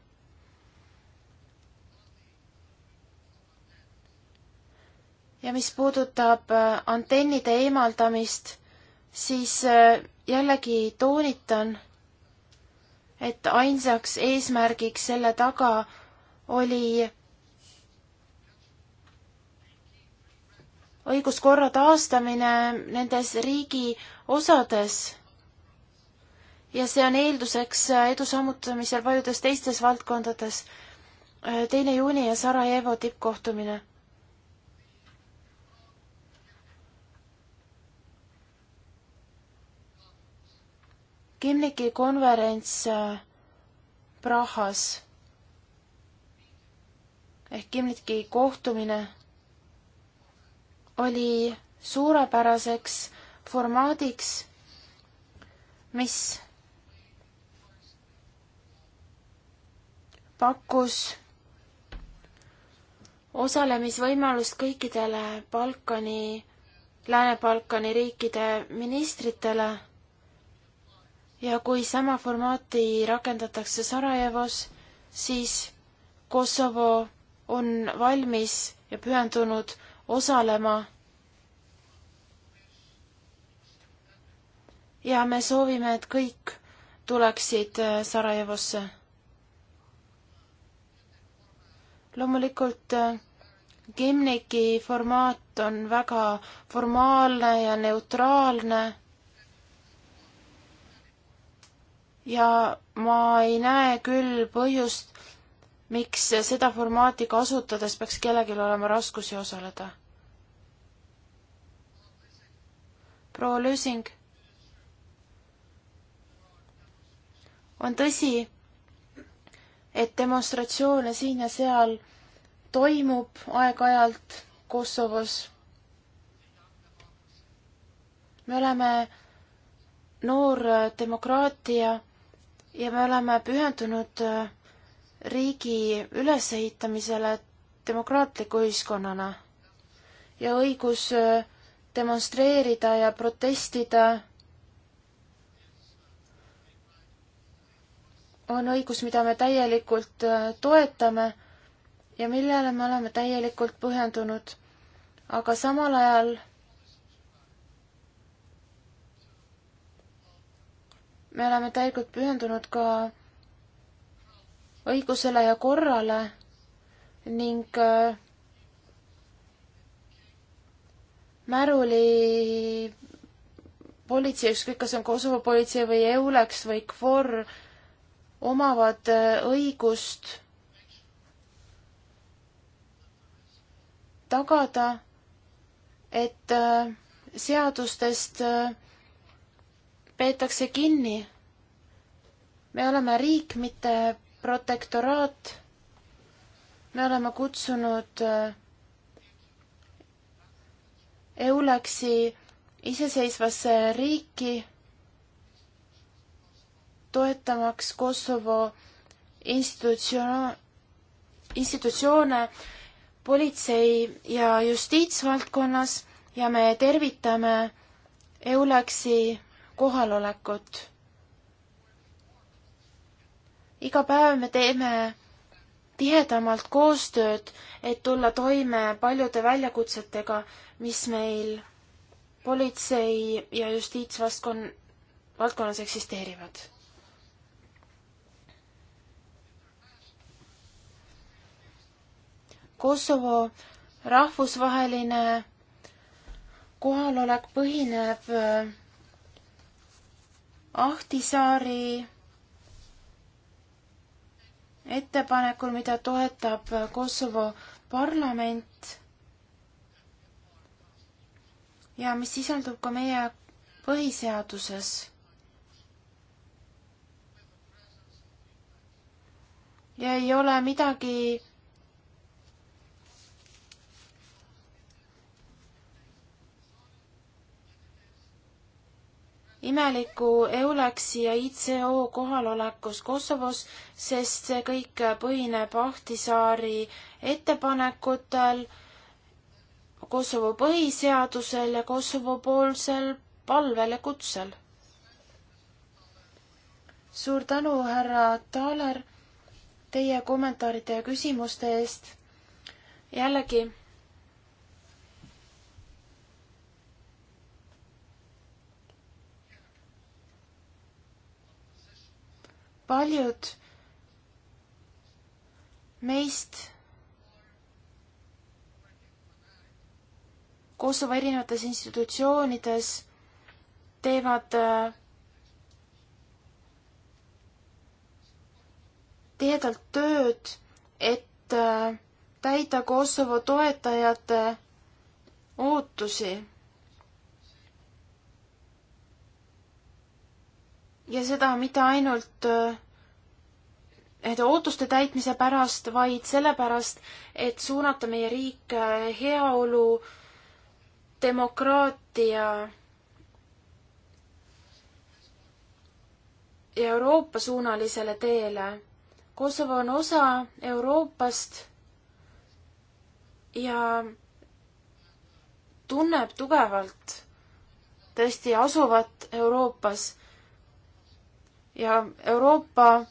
S2: ja mis puudutab äh, antennide eemaldamist, siis äh, jällegi toonitan, et ainsaks eesmärgiks selle taga oli õiguskorra taastamine nendes riigi osades. ja see on eelduseks edu sammutamisel paljudes teistes valdkondades. teine juuni ja Sarajevo tippkohtumine. Kimniki konverents äh, Prahas ehk Kimniki kohtumine oli suurepäraseks formaadiks, mis pakkus osalemisvõimalust kõikidele Balkani, Lääne-Balkani riikide ministritele ja kui sama formaati rakendatakse Sarajevos, siis Kosovo on valmis ja pühendunud osalema. ja me soovime, et kõik tuleksid äh, Sarajevosse. loomulikult äh, Gimniki formaat on väga formaalne ja neutraalne. ja ma ei näe küll põhjust, miks seda formaati kasutades peaks kellelgi olema raskusi osaleda? proua Lüsing. on tõsi, et demonstratsioone siin ja seal toimub aeg-ajalt Kosovos. me oleme noor demokraatia ja me oleme pühendunud äh, riigi ülesehitamisele demokraatliku ühiskonnana ja õigus äh, demonstreerida ja protestida on õigus, mida me täielikult äh, toetame ja millele me oleme täielikult põhjendunud. aga samal ajal me oleme täielikult pühendunud ka õigusele ja korrale ning äh, märuli politsei, ükskõik kas on Kosovo politsei või EULEX või KFOR, omavad äh, õigust tagada, et äh, seadustest peetakse kinni. me oleme riik, mitte protektoraat. me oleme kutsunud äh, EULEX-i iseseisvasse riiki toetamaks Kosovo institutsioon, institutsioone politsei- ja justiitsvaldkonnas ja me tervitame EULEX-i kohalolekut iga päev me teeme tihedamalt koostööd, et tulla toime paljude väljakutsetega, mis meil politsei ja justiitsvastkon-, valdkonnas eksisteerivad. Kosovo rahvusvaheline kohalolek põhineb Ahtisaari ettepanekul, mida toetab Kosovo parlament ja mis sisaldub ka meie põhiseaduses. ja ei ole midagi imeliku EULEX-i ja ICO kohalolekus Kosovos, sest see kõik põhineb Ahtisaari ettepanekutel, Kosovo põhiseadusel ja Kosovo-poolsel palvel ja kutsel. suur tänu, härra Taaler, teie kommentaaride ja küsimuste eest. jällegi paljud meist Kosovo erinevates institutsioonides teevad äh, tihedalt tööd, et äh, täida Kosovo toetajate ootusi ja seda mitte ainult äh, nende ootuste täitmise pärast, vaid sellepärast, et suunata meie riik äh, heaolu, demokraatia ja Euroopa suunalisele teele. Kosovo on osa Euroopast ja tunneb tugevalt tõesti asuvat Euroopas ja Euroopa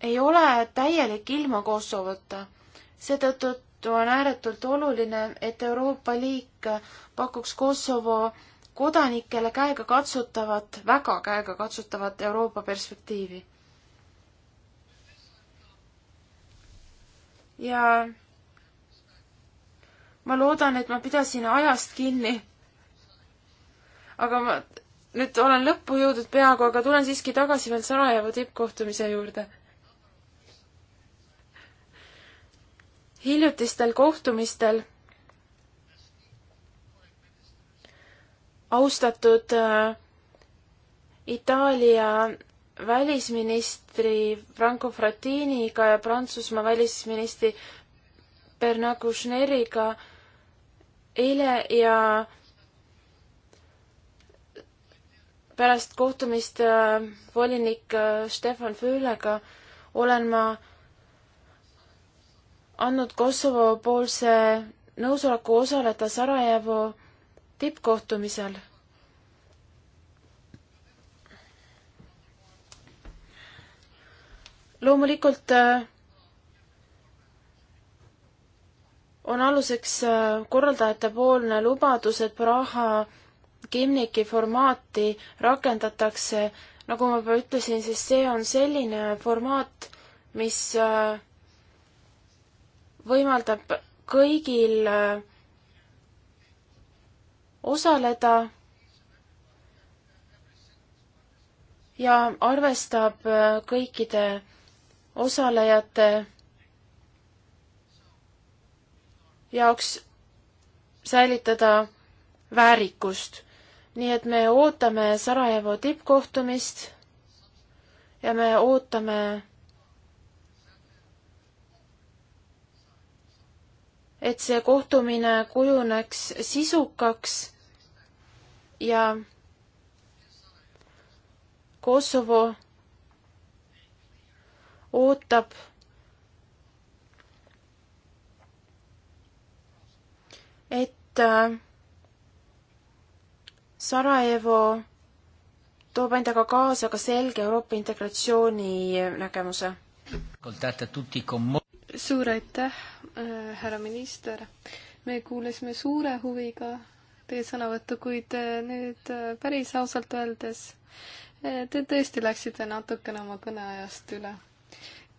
S2: ei ole täielik ilma Kosovota. seetõttu on ääretult oluline, et Euroopa Liik pakuks Kosovo kodanikele käegakatsutavat, väga käegakatsutavat Euroopa perspektiivi. ja ma loodan, et ma pidasin ajast kinni. aga ma nüüd olen lõppu jõudnud peaaegu, aga tulen siiski tagasi veel Sarajevo tippkohtumise juurde. hiljutistel kohtumistel austatud äh, Itaalia välisministri Franco Frattiniga ja Prantsusmaa välisministri Bernard Kouchneriga eile ja pärast kohtumist äh, volinik äh, Stefan Füülega olen ma andnud Kosovo poolse nõusoleku osaleda Sarajevo tippkohtumisel. loomulikult äh, on aluseks korraldajate poolne lubadus, et Praha Gimniki formaati rakendatakse, nagu ma juba ütlesin, siis see on selline formaat, mis äh, võimaldab kõigil äh, osaleda ja arvestab äh, kõikide osalejate jaoks säilitada väärikust nii et me ootame Sarajevo tippkohtumist ja me ootame, et see kohtumine kujuneks sisukaks ja Kosovo ootab et äh, Sarajevo toob endaga kaasa ka selge Euroopa integratsiooni nägemuse. suur aitäh, äh, härra minister.
S3: me kuulasime suure huviga teie sõnavõttu, kuid äh, nüüd äh, päris ausalt öeldes te tõesti läksite natukene oma kõneajast üle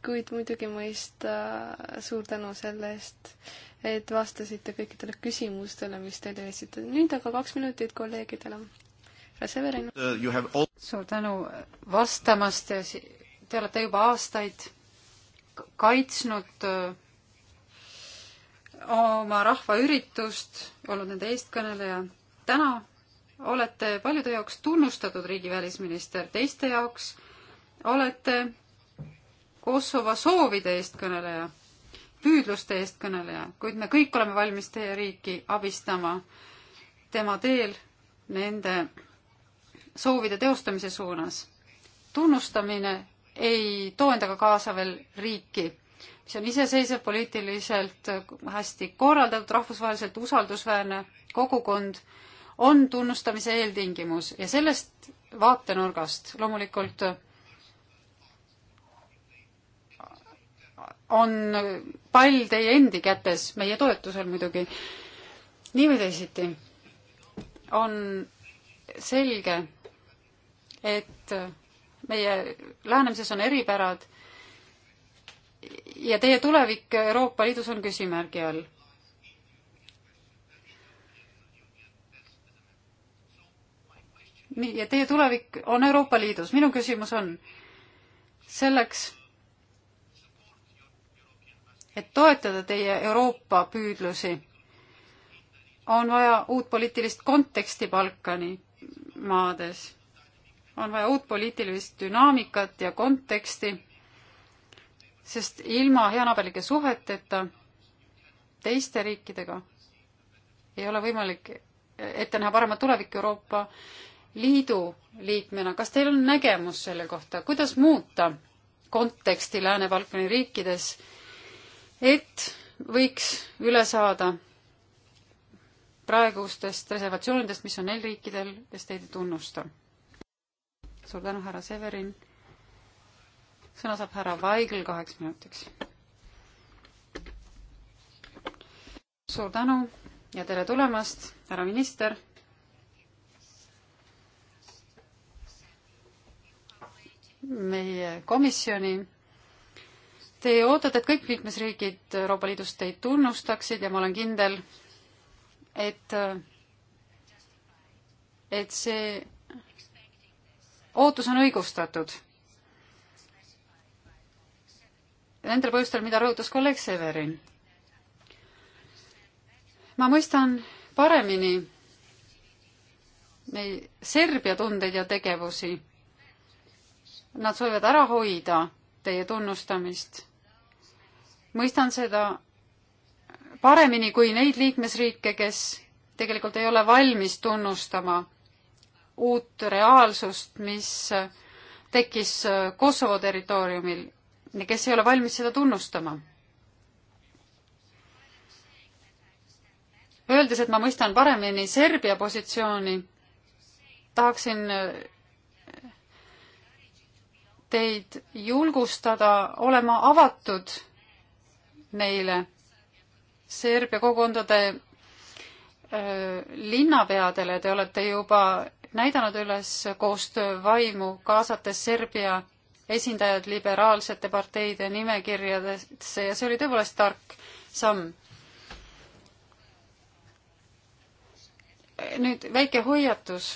S3: kuid muidugi mõista äh, suur tänu selle eest, et vastasite kõikidele küsimustele, mis teile esitati. nüüd aga kaks minutit kolleegidele. Severin
S4: uh,. All... suur tänu
S3: vastamast. Te olete juba
S4: aastaid kaitsnud äh, oma rahvaüritust, olnud nende eestkõneleja. täna olete paljude jaoks tunnustatud riigi välisminister, teiste jaoks olete Kosovo soovide eestkõneleja, püüdluste eestkõneleja, kuid me kõik oleme valmis teie riiki abistama tema teel nende soovide teostamise suunas. tunnustamine ei too endaga kaasa veel riiki, mis on iseseisev, poliitiliselt hästi korraldatud, rahvusvaheliselt usaldusväärne kogukond, on tunnustamise eeltingimus ja sellest vaatenurgast loomulikult on pall teie endi kätes, meie toetusel muidugi. nii või teisiti on selge, et meie lähenemises on eripärad ja teie tulevik Euroopa Liidus on küsimärgi all. nii, ja teie tulevik on Euroopa Liidus, minu küsimus on selleks et toetada teie Euroopa püüdlusi, on vaja uut poliitilist konteksti Balkani maades. on vaja uut poliitilist dünaamikat ja konteksti, sest ilma heanabelike suheteta teiste riikidega ei ole võimalik ette näha paremat tulevikku Euroopa Liidu liikmena. kas teil on nägemus selle kohta, kuidas muuta konteksti Lääne-Balkani riikides et võiks üle saada praegustest reservatsioonidest, mis on neil riikidel, kes teid ei tunnusta. suur tänu, härra Severin. sõna saab härra Vaigel kaheks minutiks. suur tänu ja tere tulemast, härra minister meie komisjoni Te ootate, et kõik liikmesriigid Euroopa Liidus teid tunnustaksid ja ma olen kindel, et, et see ootus on õigustatud. Nendel põhjustel, mida rõhutas kolleeg Severin. ma mõistan paremini neid Serbia tundeid ja tegevusi. Nad soovivad ära hoida teie tunnustamist mõistan seda paremini kui neid liikmesriike, kes tegelikult ei ole valmis tunnustama uut reaalsust, mis tekkis Kosovo territooriumil ja kes ei ole valmis seda tunnustama. Öeldes, et ma mõistan paremini Serbia positsiooni, tahaksin teid julgustada olema avatud neile Serbia kogukondade linnapeadele, te olete juba näidanud üles koostöövaimu, kaasates Serbia esindajad liberaalsete parteide nimekirjadesse ja see oli tõepoolest tark samm. nüüd väike hoiatus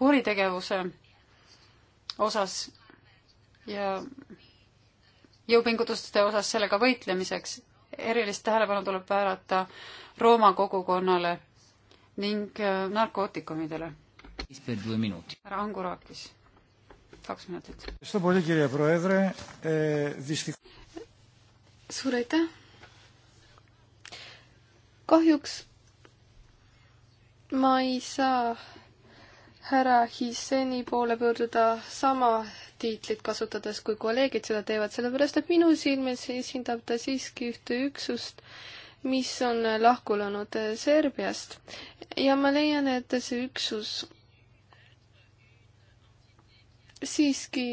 S4: kuritegevuse osas ja jõupingutuste osas sellega võitlemiseks. erilist tähelepanu tuleb pöörata Rooma kogukonnale ning äh, narkootikumidele. härra Angurakis, kaks minutit.
S3: suur aitäh. kahjuks ma ei saa härra Hiseni poole pöörduda sama tiitlit kasutades, kui kolleegid seda teevad, sellepärast et minu silmes esindab ta siiski ühte üksust, mis on lahku löönud Serbiast. ja ma leian, et see üksus siiski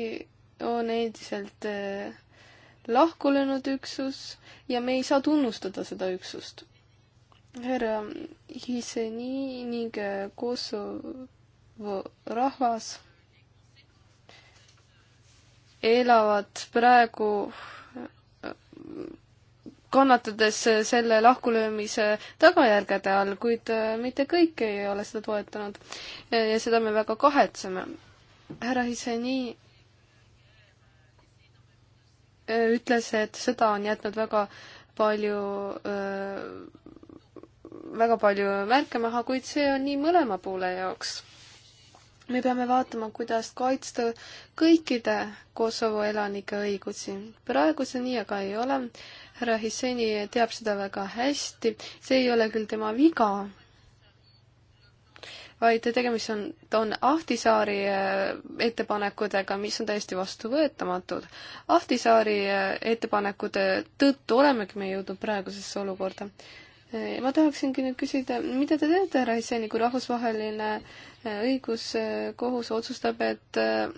S3: on endiselt eh, lahku löönud üksus ja me ei saa tunnustada seda üksust. härra Hiseni ning Kosovo rahvas elavad praegu kannatades selle lahkulöömise tagajärgede all, kuid äh, mitte kõik ei ole seda toetanud. ja seda me väga kahetseme. härra Hiseni äh, ütles, et sõda on jätnud väga palju äh, väga palju märke maha, kuid see on nii mõlema poole jaoks me peame vaatama, kuidas kaitsta kõikide Kosovo elanike õigusi. praegu see nii aga ei ole. härra Hisseni teab seda väga hästi, see ei ole küll tema viga, vaid tegemist on, ta on Ahtisaari eh, ettepanekutega, mis on täiesti vastuvõetamatud. Ahtisaari eh, ettepanekute tõttu olemegi me jõudnud praegusesse olukorda Äh, ma tahaksingi nüüd küsida, mida te teete, härra Hisseni, kui rahvusvaheline äh, õiguskohus otsustab, et äh,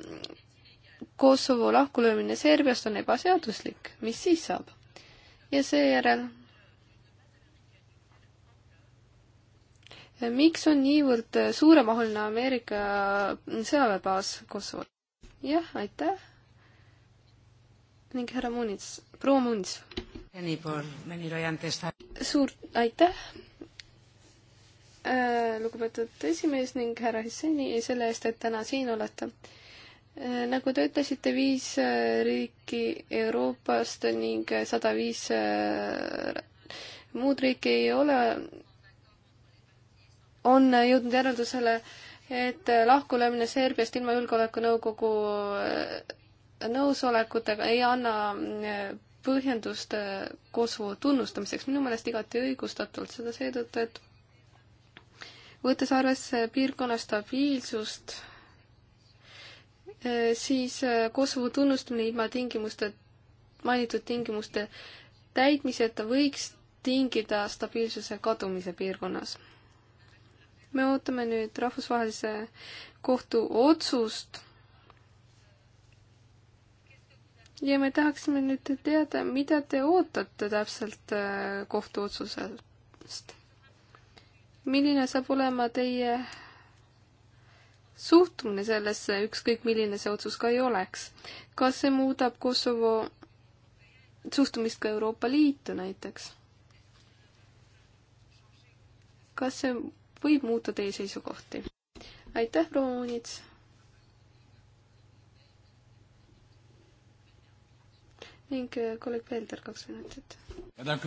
S3: Kosovo lahkulöömine Serbiast on ebaseaduslik, mis siis saab? ja seejärel miks on niivõrd suuremahuline Ameerika sõjaväebaas Kosovol? jah, aitäh. ning härra Munits, proua Munits suur aitäh, äh, lugupeetud esimees ning härra Hisseni selle eest, et täna siin olete. Äh, nagu te ütlesite, viis äh, riiki Euroopast ning sada viis muud riiki ei ole, on jõudnud järeldusele, et lahkulemine Serbiast ilma Julgeolekunõukogu nõusolekutega ei anna põhjenduste Kosovo tunnustamiseks, minu meelest igati õigustatult, seda seetõttu, et võttes arvesse piirkonna stabiilsust, eh, siis eh, Kosovo tunnustamine ilma tingimuste, mainitud tingimuste täitmiseta võiks tingida stabiilsuse kadumise piirkonnas. me ootame nüüd rahvusvahelise kohtu otsust ja me tahaksime nüüd teada, mida te ootate täpselt äh, kohtuotsusest. milline saab olema teie suhtumine sellesse, ükskõik milline see otsus ka ei oleks. kas see muudab Kosovo suhtumist ka Euroopa Liitu näiteks? kas see võib muuta teie seisukohti? aitäh, proua Muunits! ning eh, kolleeg Pelder kaks minutit. Eh,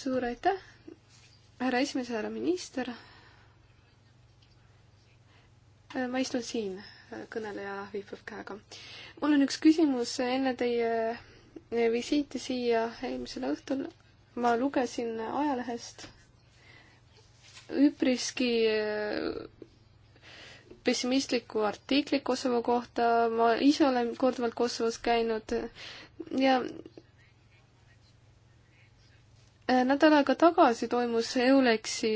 S3: suur aitäh, härra esimees, härra minister. Eh, ma istun siin, kõneleja viipab käega. mul on üks küsimus enne teie visiiti siia eelmisel õhtul. ma lugesin ajalehest üpriski pessimistliku artikli Kosovo kohta, ma ise olen korduvalt Kosovos käinud ja äh, nädal aega tagasi toimus Euleksi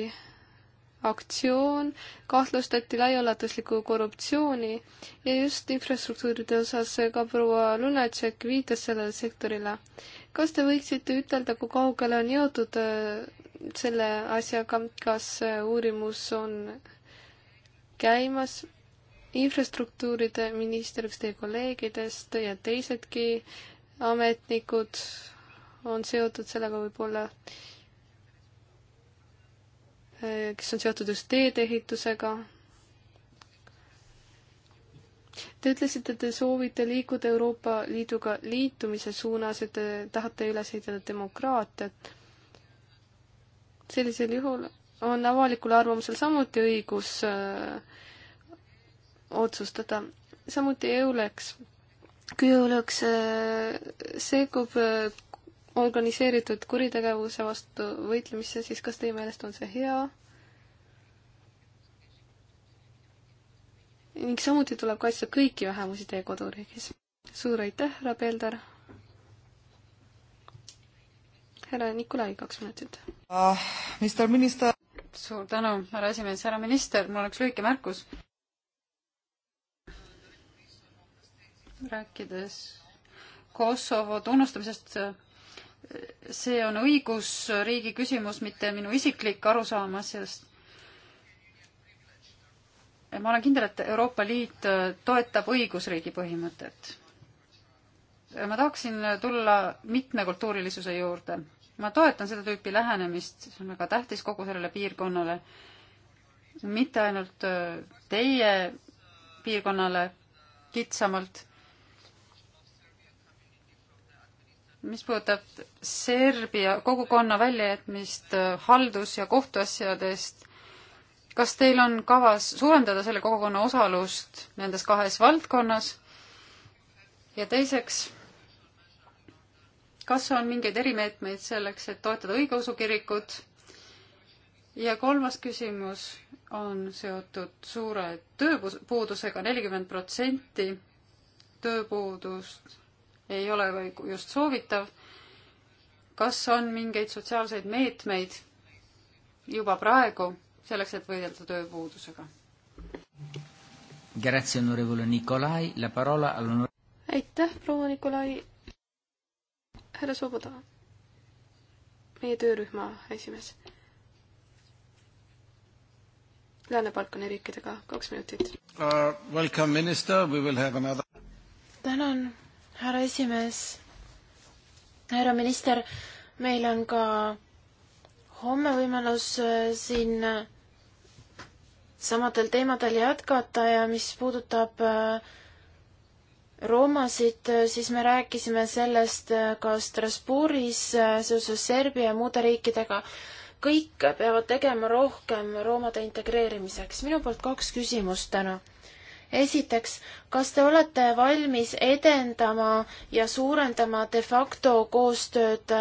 S3: aktsioon, kahtlustati laiaulatuslikku korruptsiooni ja just infrastruktuuride osas ka proua Lunatšek viitas sellele sektorile. kas te võiksite ütelda, kui kaugele on jõutud äh, selle asjaga, kas äh, uurimus on käimas. infrastruktuuride minister, üks teie kolleegidest ja teisedki ametnikud on seotud sellega võib-olla, eh, kes on seotud just teedeehitusega. Te ütlesite, et te soovite liikuda Euroopa Liiduga liitumise suunas, et te tahate üles ehitada demokraatiat. sellisel juhul on avalikul arvamusel samuti õigus öö, äh, otsustada, samuti EULEX. kui EULEX äh, sekkub äh, organiseeritud kuritegevuse vastu võitlemisse, siis kas teie meelest on see hea? ning samuti tuleb kaitsta kõiki vähemusi teie koduriigis. suur aitäh, härra Pelder! härra Nikolai, kaks minutit uh,. minister, minister
S4: suur tänu, härra esimees, härra minister, mul oleks lühike märkus. rääkides Kosovo tunnustamisest, see on õigusriigi küsimus, mitte minu isiklik arusaam asjast. ma olen kindel, et Euroopa Liit toetab õigusriigi põhimõtet. ma tahaksin tulla mitmekultuurilisuse juurde ma toetan seda tüüpi lähenemist, see on väga tähtis kogu sellele piirkonnale, mitte ainult äh, teie piirkonnale kitsamalt. mis puudutab Serbia kogukonna väljajätmist äh, haldus- ja kohtuasjadest, kas teil on kavas suurendada selle kogukonna osalust nendes kahes valdkonnas ja teiseks kas on mingeid erimeetmeid selleks, et toetada õigeusu kirikut? ja kolmas küsimus on seotud suure tööpuudusega, nelikümmend protsenti tööpuudust ei ole just soovitav. kas on mingeid sotsiaalseid meetmeid juba praegu
S3: selleks, et võidelda tööpuudusega? aitäh, proua Nikolai härra Soboda, meie töörühma esimees.
S2: Lääne-Balkani riikidega, kaks minutit uh,. Welcome minister, we will have another. tänan, härra esimees. härra minister, meil on ka homme võimalus äh, siin äh, samadel teemadel jätkata ja mis puudutab äh, roomasid, äh, siis me rääkisime sellest äh, ka Strasbourgis äh, seoses Serbia ja muude riikidega. kõik peavad tegema rohkem roomade integreerimiseks. minu poolt kaks küsimust täna. esiteks, kas te olete valmis edendama ja suurendama de facto koostööd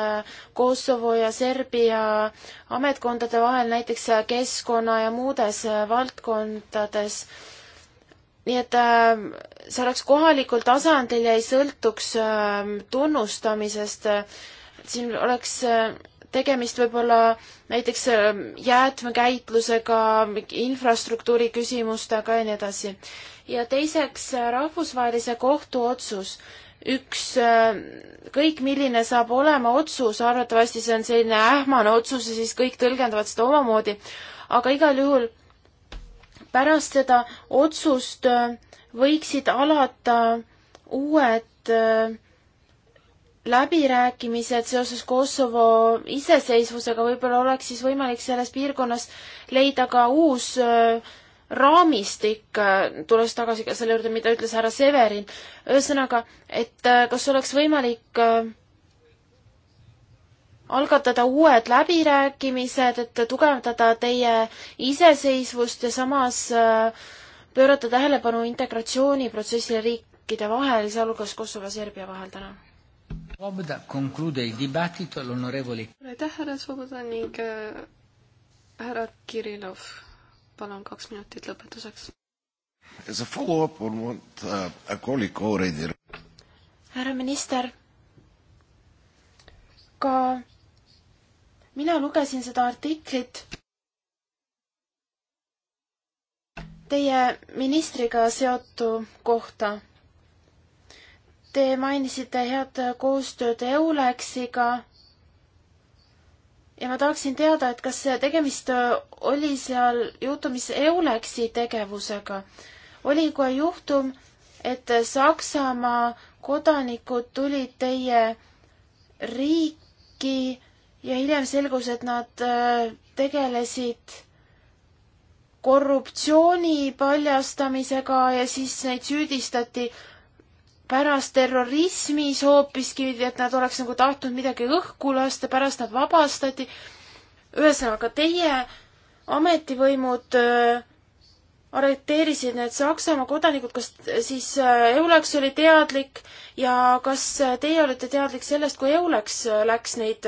S2: Kosovo ja Serbia ametkondade vahel näiteks keskkonna ja muudes valdkondades? nii et äh, see oleks kohalikul tasandil ja ei sõltuks äh, tunnustamisest äh,. siin oleks äh, tegemist võib-olla näiteks äh, jäätmekäitlusega, infrastruktuuri küsimustega ja nii edasi. ja teiseks äh, rahvusvahelise kohtu otsus üks äh,, kõik milline saab olema otsus, arvatavasti see on selline ähmane otsus ja siis kõik tõlgendavad seda omamoodi, aga igal juhul pärast seda otsust äh, võiksid alata uued äh, läbirääkimised seoses Kosovo iseseisvusega, võib-olla oleks siis võimalik selles piirkonnas leida ka uus äh, raamistik, tulles tagasi ka selle juurde, mida ütles härra Severin, ühesõnaga, et kas oleks võimalik algatada uued läbirääkimised, et tugevdada teie iseseisvust ja samas äh, pöörata tähelepanu integratsiooniprotsessile riikide vahel, sealhulgas Kosovo ja Serbia vahel täna?
S3: aitäh, härra Svoboda ning äh, härra Kirillov, palun kaks minutit lõpetuseks.
S1: As a follow-up on what uh, a colleague already
S2: härra minister, ka mina lugesin seda artiklit teie ministriga seotu kohta. Te mainisite head koostööd EULEX-iga ja ma tahaksin teada, et kas tegemist oli seal juhtumis EULEX-i tegevusega. oli ka juhtum, et Saksamaa kodanikud tulid teie riiki ja hiljem selgus, et nad äh, tegelesid korruptsiooni paljastamisega ja siis neid süüdistati pärast terrorismis hoopiski, et nad oleks nagu tahtnud midagi õhku lasta, pärast nad vabastati. ühesõnaga, teie ametivõimud öö, äh, arreteerisid need Saksamaa kodanikud, kas siis äh, Eulex oli teadlik ja kas äh, teie olete teadlik sellest, kui Eulex äh, läks neid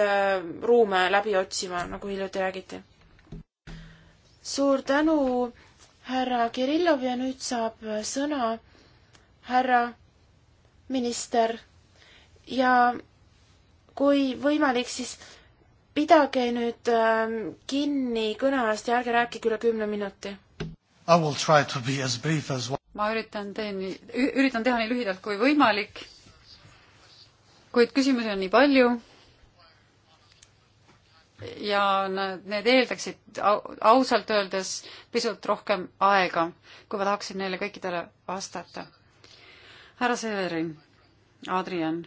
S2: ruume läbi otsima, nagu hiljuti räägiti? suur tänu, härra Kirillov ja nüüd saab sõna härra minister. ja kui võimalik, siis pidage nüüd kinni kõneajast ja ärge rääkige üle kümne minuti
S4: As...
S2: ma üritan teeni, üritan
S4: teha nii lühidalt kui võimalik, kuid küsimusi on nii palju ja nad, need eeldaksid ausalt öeldes pisut rohkem aega, kui ma tahaksin neile kõikidele vastata. härra Severin, Adrian,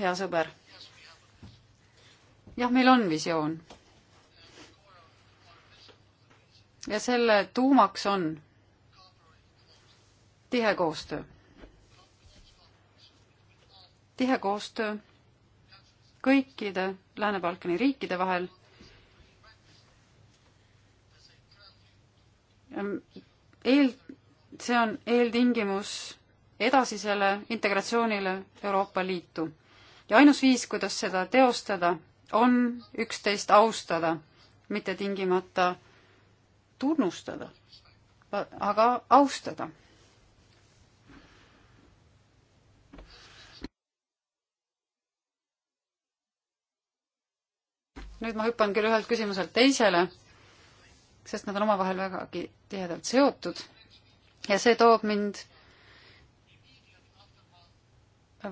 S4: hea sõber. jah, meil on visioon ja selle tuumaks on tihe koostöö. tihe koostöö kõikide Lääne-Balkani riikide vahel. eel, see on eeltingimus edasisele integratsioonile Euroopa Liitu. ja ainus viis, kuidas seda teostada, on üksteist austada, mitte tingimata tunnustada, aga austada. nüüd ma hüppan küll ühelt küsimuselt teisele, sest nad on omavahel vägagi tihedalt seotud ja see toob mind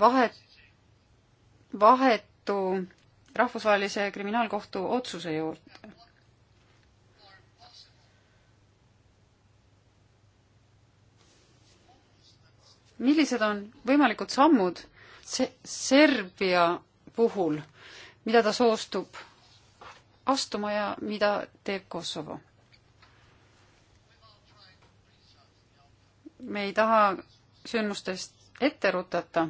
S4: vahet, vahetu rahvusvahelise kriminaalkohtu otsuse juurde millised on võimalikud sammud se-, Serbia puhul, mida ta soostub astuma ja mida teeb Kosovo? me ei taha sündmustest ette rutata.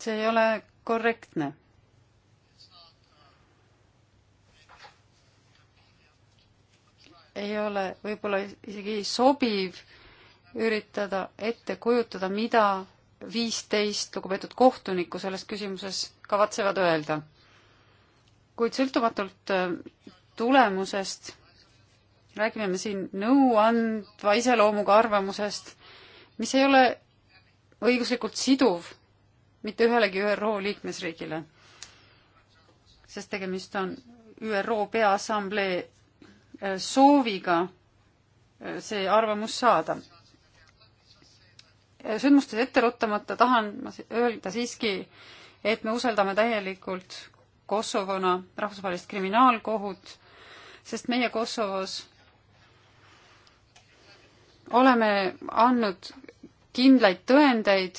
S4: see ei ole korrektne ei ole võib-olla isegi sobiv üritada ette kujutada, mida viisteist lugupeetud kohtunikku selles küsimuses kavatsevad öelda. kuid sõltumatult äh, tulemusest räägime me siin nõuandva iseloomuga arvamusest, mis ei ole õiguslikult siduv mitte ühelegi ÜRO liikmesriigile, sest tegemist on ÜRO Peaassamblee Äh, sooviga äh, see arvamus saada. Äh, sündmustes ette ruttamata tahan ma öelda siiski, et me usaldame täielikult Kosovona rahvusvahelist kriminaalkohut, sest meie Kosovos oleme andnud kindlaid tõendeid,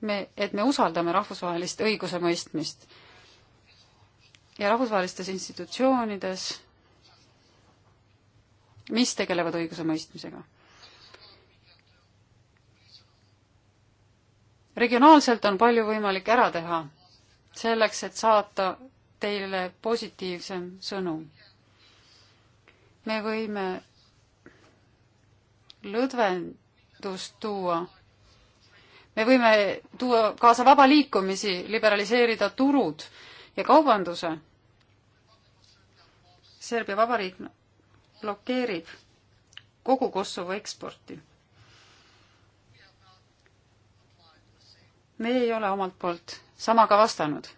S4: me, et me usaldame rahvusvahelist õigusemõistmist. ja rahvusvahelistes institutsioonides mis tegelevad õigusemõistmisega. regionaalselt on palju võimalik ära teha selleks, et saata teile positiivsem sõnum. me võime lõdvendust tuua. me võime tuua kaasa vaba liikumisi, liberaliseerida turud ja kaubanduse. Serbia Vabariik blokeerib kogu Kosovo eksporti. me ei ole omalt poolt samaga vastanud.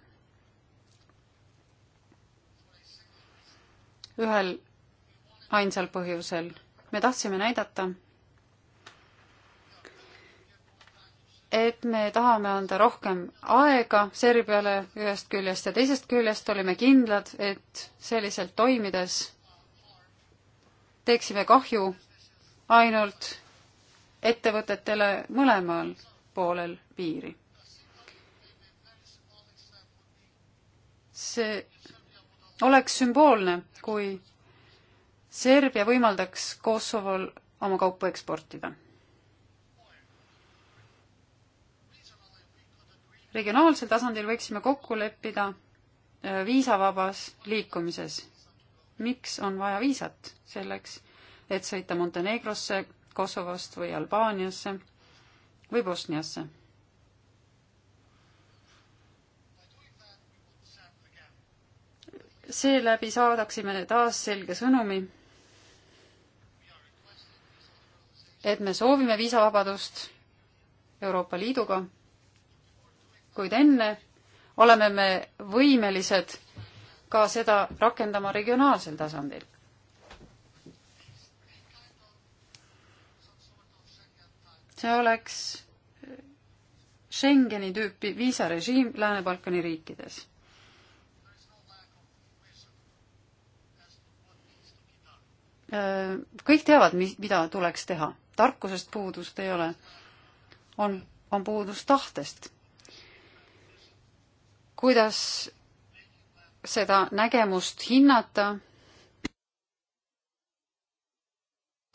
S4: ühel ainsal põhjusel me tahtsime näidata, et me tahame anda rohkem aega Serbiale ühest küljest ja teisest küljest olime kindlad, et selliselt toimides teeksime kahju ainult ettevõtetele mõlemal poolel piiri. see oleks sümboolne, kui Serbia võimaldaks Kosovol oma kaupa eksportida. regionaalsel tasandil võiksime kokku leppida äh, viisavabas liikumises miks on vaja viisat selleks, et sõita Montenegrosse, Kosovost või Albaaniasse või Bosniasse? seeläbi saadaksime taas selge sõnumi, et me soovime viisavabadust Euroopa Liiduga, kuid enne oleme me võimelised ka seda rakendama regionaalsel tasandil. see oleks Schengeni tüüpi viisarežiim Lääne-Balkani riikides kõik teavad, mis, mida tuleks teha. tarkusest puudust ei ole. on, on puudus tahtest. kuidas seda nägemust hinnata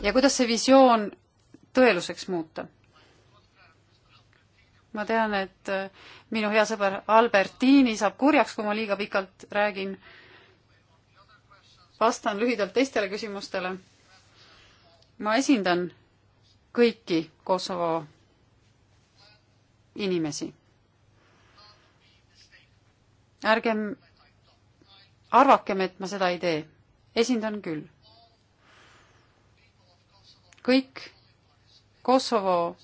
S4: ja kuidas see visioon tõeluseks muuta? ma tean, et äh, minu hea sõber Albertini saab kurjaks, kui ma liiga pikalt räägin. vastan lühidalt teistele küsimustele. ma esindan kõiki Kosovo inimesi. ärgem arvakem, et ma seda ei tee. esindan küll. kõik Kosovo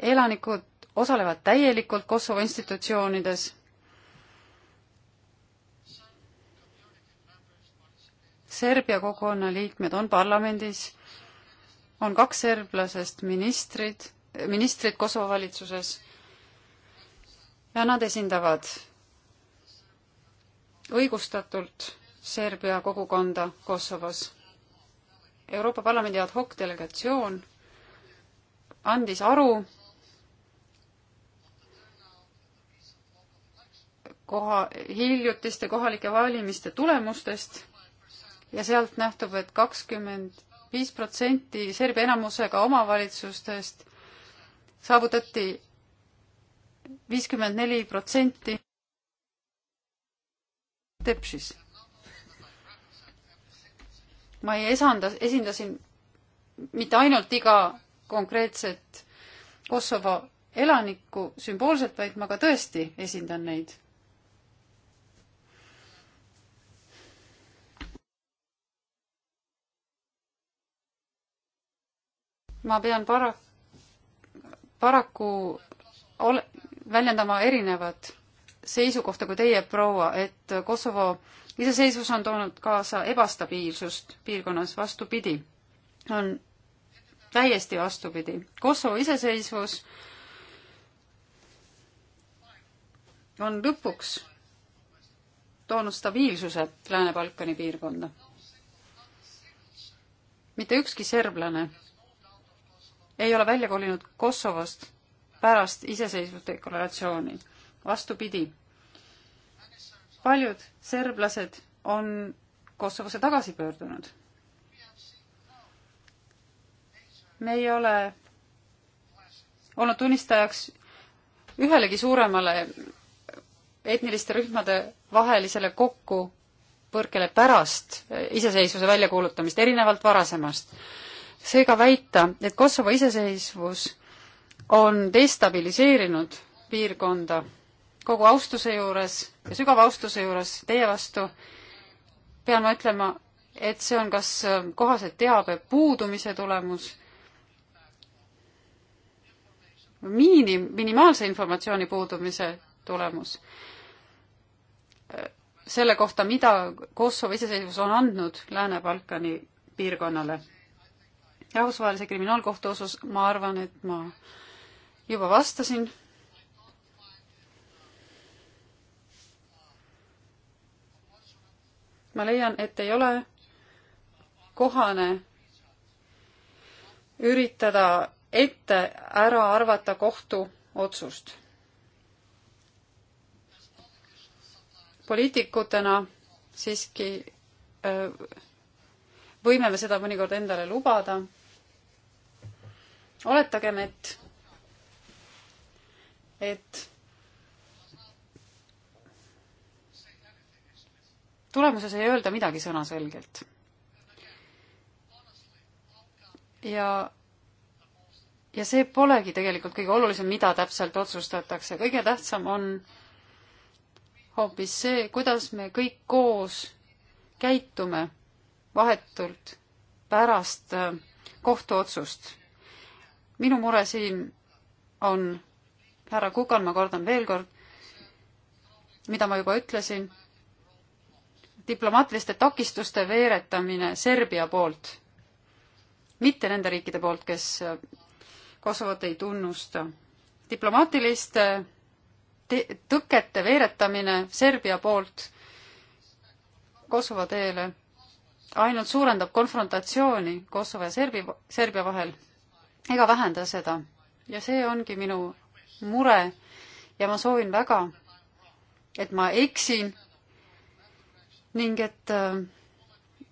S4: elanikud osalevad täielikult Kosovo institutsioonides. Serbia kogukonna liikmed on parlamendis, on kaks serblasest ministrid, ministrid Kosovo valitsuses ja nad esindavad õigustatult Serbia kogukonda Kosovos. Euroopa Parlamendi ad hoc delegatsioon andis aru koha, hiljutiste kohalike valimiste tulemustest ja sealt nähtub et, et kakskümmend viis protsenti Serbia enamusega omavalitsustest saavutati viiskümmend neli protsenti Tepsis. ma ei esanda, esindasin mitte ainult iga konkreetset Kosovo elanikku sümboolselt, vaid ma ka tõesti esindan neid ma pean para-, paraku ole-, väljendama erinevat seisukohta kui teie, proua, et Kosovo iseseisvus on toonud kaasa ebastabiilsust piirkonnas, vastupidi, on täiesti vastupidi. Kosovo iseseisvus on lõpuks toonud stabiilsuse Lääne-Balkani piirkonda. mitte ükski serblane ei ole välja kolinud Kosovost pärast iseseisvusdeklaratsiooni vastupidi. paljud serblased on Kosovosse tagasi pöördunud. me ei ole olnud tunnistajaks ühelegi suuremale etniliste rühmade vahelisele kokkupõrkele pärast iseseisvuse väljakuulutamist, erinevalt varasemast. seega väita, et Kosovo iseseisvus on destabiliseerinud piirkonda kogu austuse juures ja sügava austuse juures teie vastu pean ma ütlema, et see on kas ähm, kohase teabe puudumise tulemus, miinim-, minimaalse informatsiooni puudumise tulemus äh, selle kohta, mida Kosovo iseseisvus on andnud Lääne-Balkani piirkonnale. rahvusvahelise kriminaalkohtu osas ma arvan, et ma juba vastasin ma leian, et ei ole kohane üritada ette ära arvata kohtu otsust. poliitikutena siiski äh, võime me seda mõnikord endale lubada. oletagem, et, et tulemuses ei öelda midagi sõnaselgelt. ja, ja see polegi tegelikult kõige olulisem, mida täpselt otsustatakse, kõige tähtsam on hoopis see, kuidas me kõik koos käitume vahetult pärast äh, kohtuotsust. minu mure siin on, härra Kukan, ma kordan veel kord, mida ma juba ütlesin diplomaatiliste takistuste veeretamine Serbia poolt, mitte nende riikide poolt, kes Kosovot ei tunnusta. diplomaatiliste tõkete veeretamine Serbia poolt Kosovo teele ainult suurendab konfrontatsiooni Kosovo ja Serbi, Serbia vahel ega vähenda seda. ja see ongi minu mure ja ma soovin väga, et ma eksin ning et äh,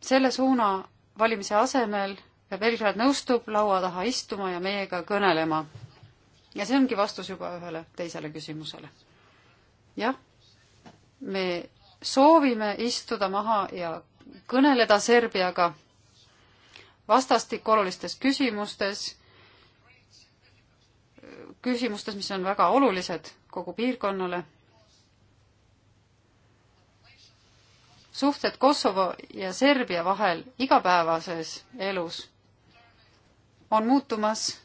S4: selle suuna valimise asemel Belgrad nõustub laua taha istuma ja meiega kõnelema. ja see ongi vastus juba ühele teisele küsimusele. jah, me soovime istuda maha ja kõneleda Serbiaga vastastikku olulistes küsimustes, küsimustes, mis on väga olulised kogu piirkonnale suhted Kosovo ja Serbia vahel igapäevases elus on muutumas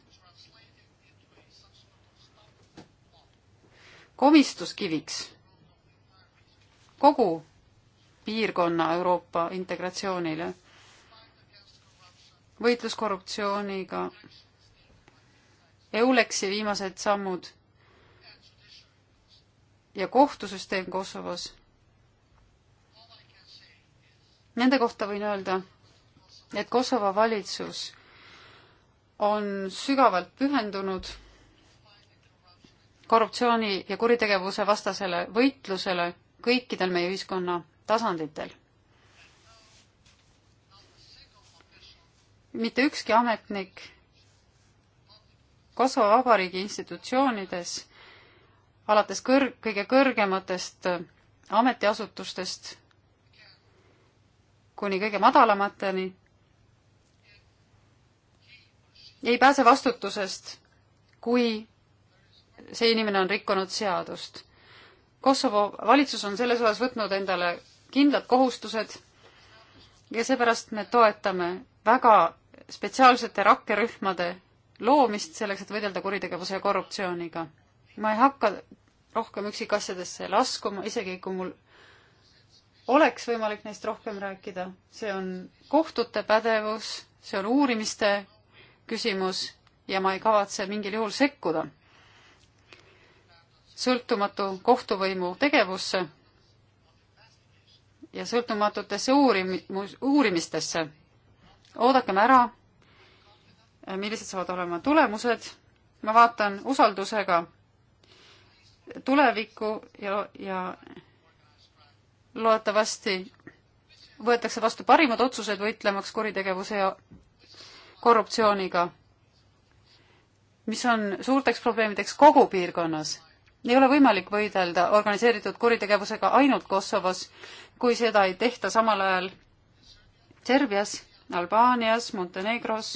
S4: komistuskiviks kogu piirkonna Euroopa integratsioonile. võitlus korruptsiooniga, EULEX-i viimased sammud ja kohtusüsteem Kosovos Nende kohta võin öelda, et Kosovo valitsus on sügavalt pühendunud korruptsiooni ja kuritegevuse vastasele võitlusele kõikidel meie ühiskonna tasanditel. mitte ükski ametnik Kosovo Vabariigi institutsioonides, alates kõr-, kõige kõrgematest ametiasutustest kuni kõige madalamateni, ei pääse vastutusest, kui see inimene on rikkunud seadust. Kosovo valitsus on selles osas võtnud endale kindlad kohustused ja seepärast me toetame väga spetsiaalsete rakkerühmade loomist selleks, et võidelda kuritegevuse ja korruptsiooniga. ma ei hakka rohkem üksikasjadesse laskuma, isegi kui mul oleks võimalik neist rohkem rääkida, see on kohtute pädevus, see on uurimiste küsimus ja ma ei kavatse mingil juhul sekkuda sõltumatu kohtuvõimu tegevusse ja sõltumatutesse uurimus, uurimistesse. oodakem ära, millised saavad olema tulemused, ma vaatan usaldusega tulevikku ja, ja loodetavasti võetakse vastu parimad otsused võitlemaks kuritegevuse ja korruptsiooniga, mis on suurteks probleemideks kogu piirkonnas. ei ole võimalik võidelda organiseeritud kuritegevusega ainult Kosovos, kui seda ei tehta samal ajal Serbias, Albaanias, Montenegros,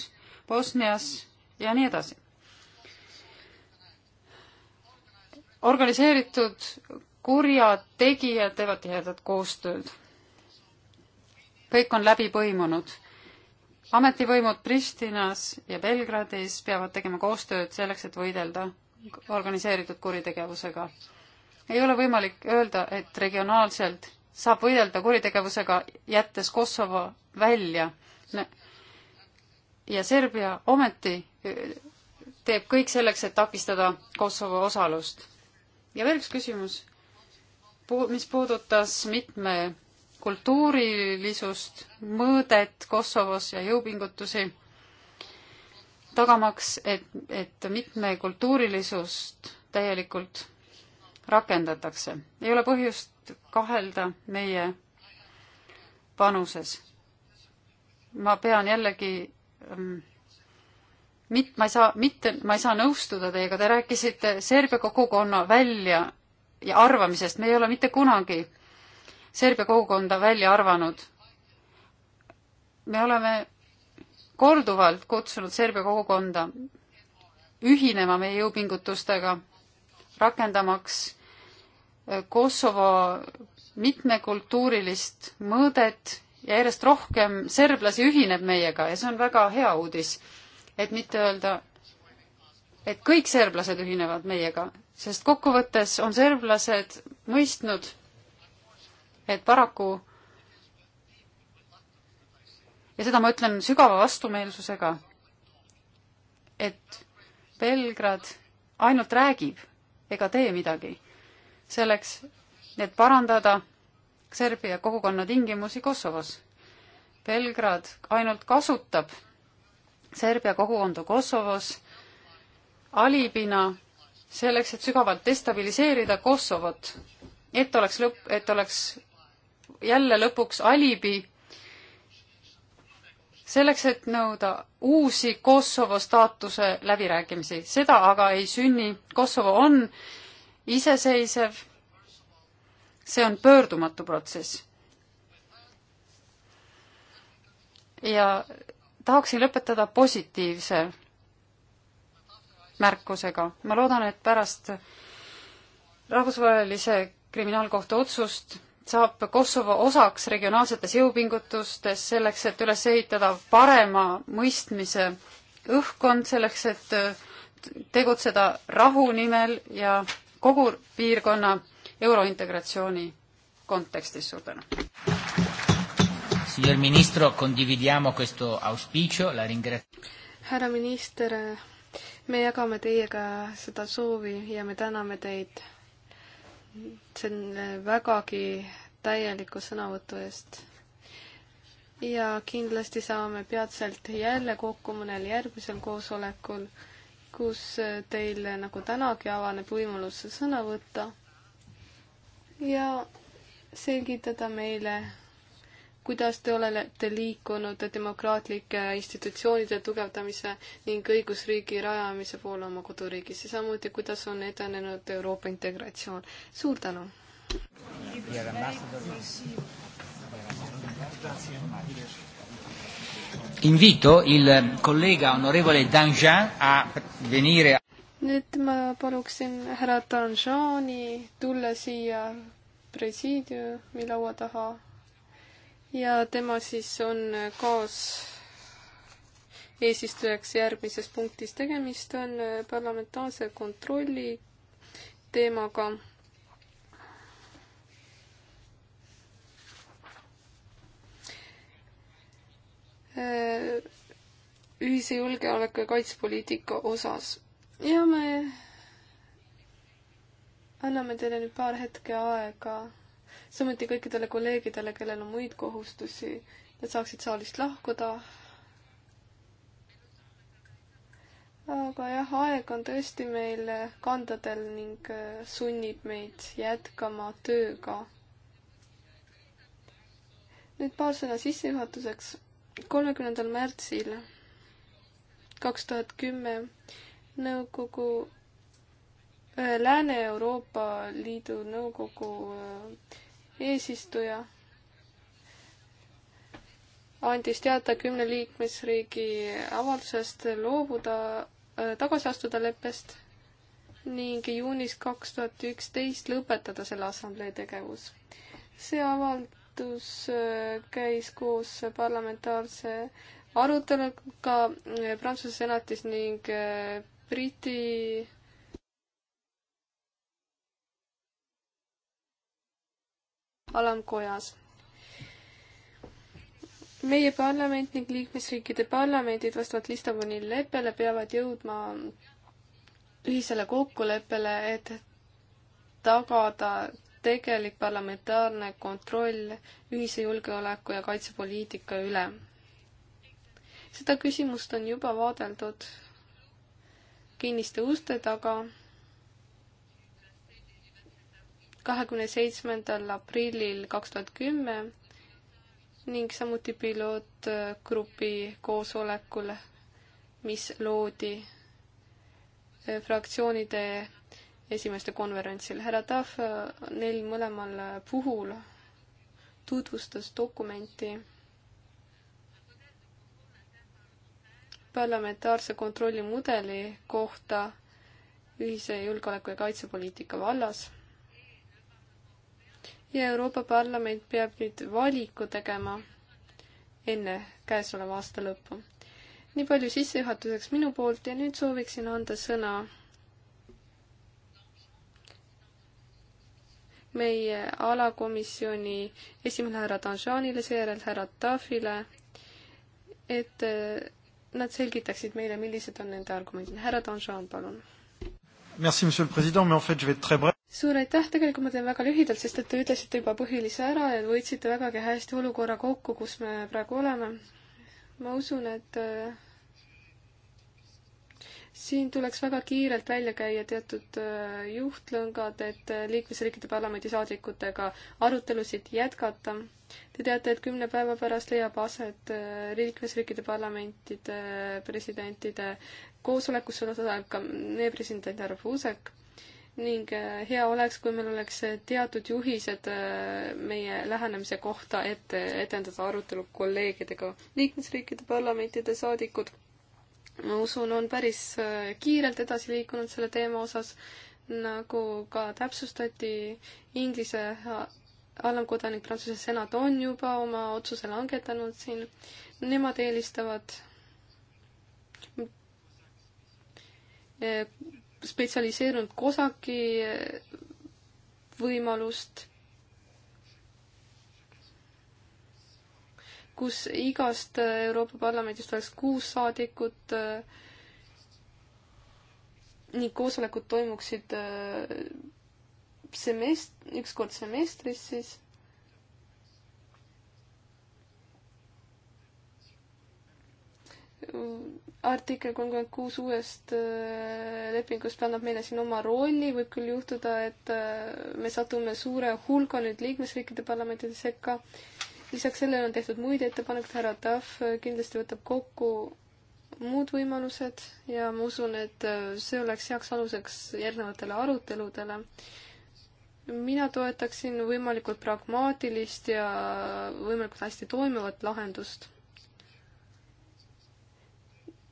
S4: Bosnias ja nii edasi. organiseeritud kurjad tegijad teevad tihedat koostööd. kõik on läbi põimunud. ametivõimud Pristinas ja Belgradis peavad tegema koostööd selleks, et võidelda organiseeritud kuritegevusega. ei ole võimalik öelda, et regionaalselt saab võidelda kuritegevusega, jättes Kosovo välja. ja Serbia ometi eh, teeb kõik selleks, et takistada Kosovo osalust. ja veel üks küsimus mis puudutas mitme kultuurilisust, mõõdet Kosovos ja jõupingutusi, tagamaks, et, et mitmekultuurilisust täielikult rakendatakse. ei ole põhjust kahelda meie panuses. ma pean jällegi ähm, mit-, ma ei saa, mitte, ma ei saa nõustuda teiega, te rääkisite Serbia kogukonna välja ja arvamisest, me ei ole mitte kunagi Serbia kogukonda välja arvanud. me oleme korduvalt kutsunud Serbia kogukonda ühinema meie jõupingutustega, rakendamaks eh, Kosovo mitmekultuurilist mõõdet ja järjest rohkem serblasi ühineb meiega ja see on väga hea uudis, et mitte öelda, et kõik serblased ühinevad meiega, sest kokkuvõttes on serblased mõistnud, et paraku ja seda ma ütlen sügava vastumeelsusega, et Belgrad ainult räägib ega tee midagi selleks, et parandada Serbia kogukonna tingimusi Kosovos. Belgrad ainult kasutab Serbia kogukonda Kosovos alibina selleks, et sügavalt destabiliseerida Kosovot, et oleks lõpp, et oleks jälle lõpuks alibi selleks, et nõuda uusi Kosovo staatuse läbirääkimisi. seda aga ei sünni. Kosovo on iseseisev. see on pöördumatu protsess. ja tahaksin lõpetada positiivse märkusega. ma loodan, et pärast rahvusvahelise kriminaalkohtu otsust saab Kosovo osaks regionaalsetes jõupingutustes selleks, et üles ehitada parema mõistmise õhkkond, selleks et tegutseda rahu nimel ja kogu piirkonna eurointegratsiooni kontekstis.
S1: suur tänu!
S3: härra minister, me jagame teiega seda soovi ja me täname teid selle vägagi täieliku sõnavõtu eest. ja kindlasti saame peatselt jälle kokku mõnel järgmisel koosolekul, kus teil nagu tänagi avaneb võimalus sõna võtta ja selgitada meile kuidas te olete liikunud demokraatlike institutsioonide tugevdamise ning õigusriigi rajamise poole oma koduriigis ja samuti, kuidas on edenenud Euroopa integratsioon? suur tänu!
S1: Invito il collega onorevole Danjean a venire
S3: nüüd ma paluksin härra Danjani tulla siia presiidiumi laua taha ja tema siis on kaas eesistujaks järgmises punktis. tegemist on parlamentaarse kontrolli teemaga. Äh, ühise julgeoleku ja kaitsepoliitika osas ja me anname teile nüüd paar hetke aega samuti kõikidele kolleegidele, kellel on muid kohustusi, et saaksid saalist lahkuda. aga jah, aeg on tõesti meil kandadel ning äh, sunnib meid jätkama tööga. nüüd paar sõna sissejuhatuseks. kolmekümnendal märtsil kaks tuhat kümme nõukogu äh, Lääne-Euroopa Liidu Nõukogu äh, eesistuja andis teada kümne liikmesriigi avaldusest loobuda, äh, tagasi astuda leppest ning juunis kaks tuhat üksteist lõpetada selle assamblee tegevus. see avaldus äh, käis koos parlamentaarse aruteluga äh, Prantsuse senatis ning Briti alamkojas. meie parlament ning liikmesriikide parlamendid vastavalt Lissaboni leppele peavad jõudma ühisele kokkuleppele, et tagada tegelik parlamentaarne kontroll ühise julgeoleku ja kaitsepoliitika üle. seda küsimust on juba vaadeldud kinniste uste taga kahekümne seitsmendal aprillil kaks tuhat kümme ning samuti pilootgrupi koosolekul, mis loodi eh, fraktsioonide esimeste konverentsil. härra Tahv neil mõlemal puhul tutvustas dokumenti parlamentaarse kontrolli mudeli kohta ühise julgeoleku- ja kaitsepoliitika vallas ja Euroopa Parlament peab nüüd valiku tegema enne käesoleva aasta lõppu. nii palju sissejuhatuseks minu poolt ja nüüd sooviksin anda sõna meie alakomisjoni esimene härra Danjanile, seejärel härra Tahvile, et äh, nad selgitaksid meile, millised on nende argumendid. härra Danjan, palun.
S1: Merci, monsieur le président, mais en fait je vais être très bref
S3: suur aitäh, tegelikult ma teen väga lühidalt, sest et te ütlesite juba põhilise ära ja võtsite vägagi hästi olukorra kokku, kus me praegu oleme. ma usun, et äh, siin tuleks väga kiirelt välja käia teatud äh, juhtlõngad, et äh, liikmesriikide parlamendisaadikutega arutelusid jätkata. Te teate, et kümne päeva pärast leiab aset liikmesriikide parlamentide presidentide koosolekus, seal osaleb ka meie president härra Puusek ning äh, hea oleks, kui meil oleks äh, teatud juhised äh, meie lähenemise kohta, et edendada arutelu kolleegidega. liikmesriikide parlamentide saadikud, ma usun, on päris kiirelt edasi liikunud selle teema osas, nagu ka täpsustati Inglise alamkodanik Prantsuse senat on juba oma otsuse langetanud siin, nemad eelistavad spetsialiseerunud COSAC-i võimalust, kus igast Euroopa Parlamendist oleks kuus saadikut ning koosolekud toimuksid äh, semest-, üks kord semestris siis artikkel kolmkümmend kuus uuest äh, lepingust annab meile siin oma rolli, võib küll juhtuda, et äh, me satume suure hulga nüüd liikmesriikide parlamentide sekka. lisaks sellele on tehtud muid ettepanekuid, härra Tahv äh, kindlasti võtab kokku muud võimalused ja ma usun, et see oleks heaks aluseks järgnevatele aruteludele. mina toetaksin võimalikult pragmaatilist ja võimalikult hästi toimivat lahendust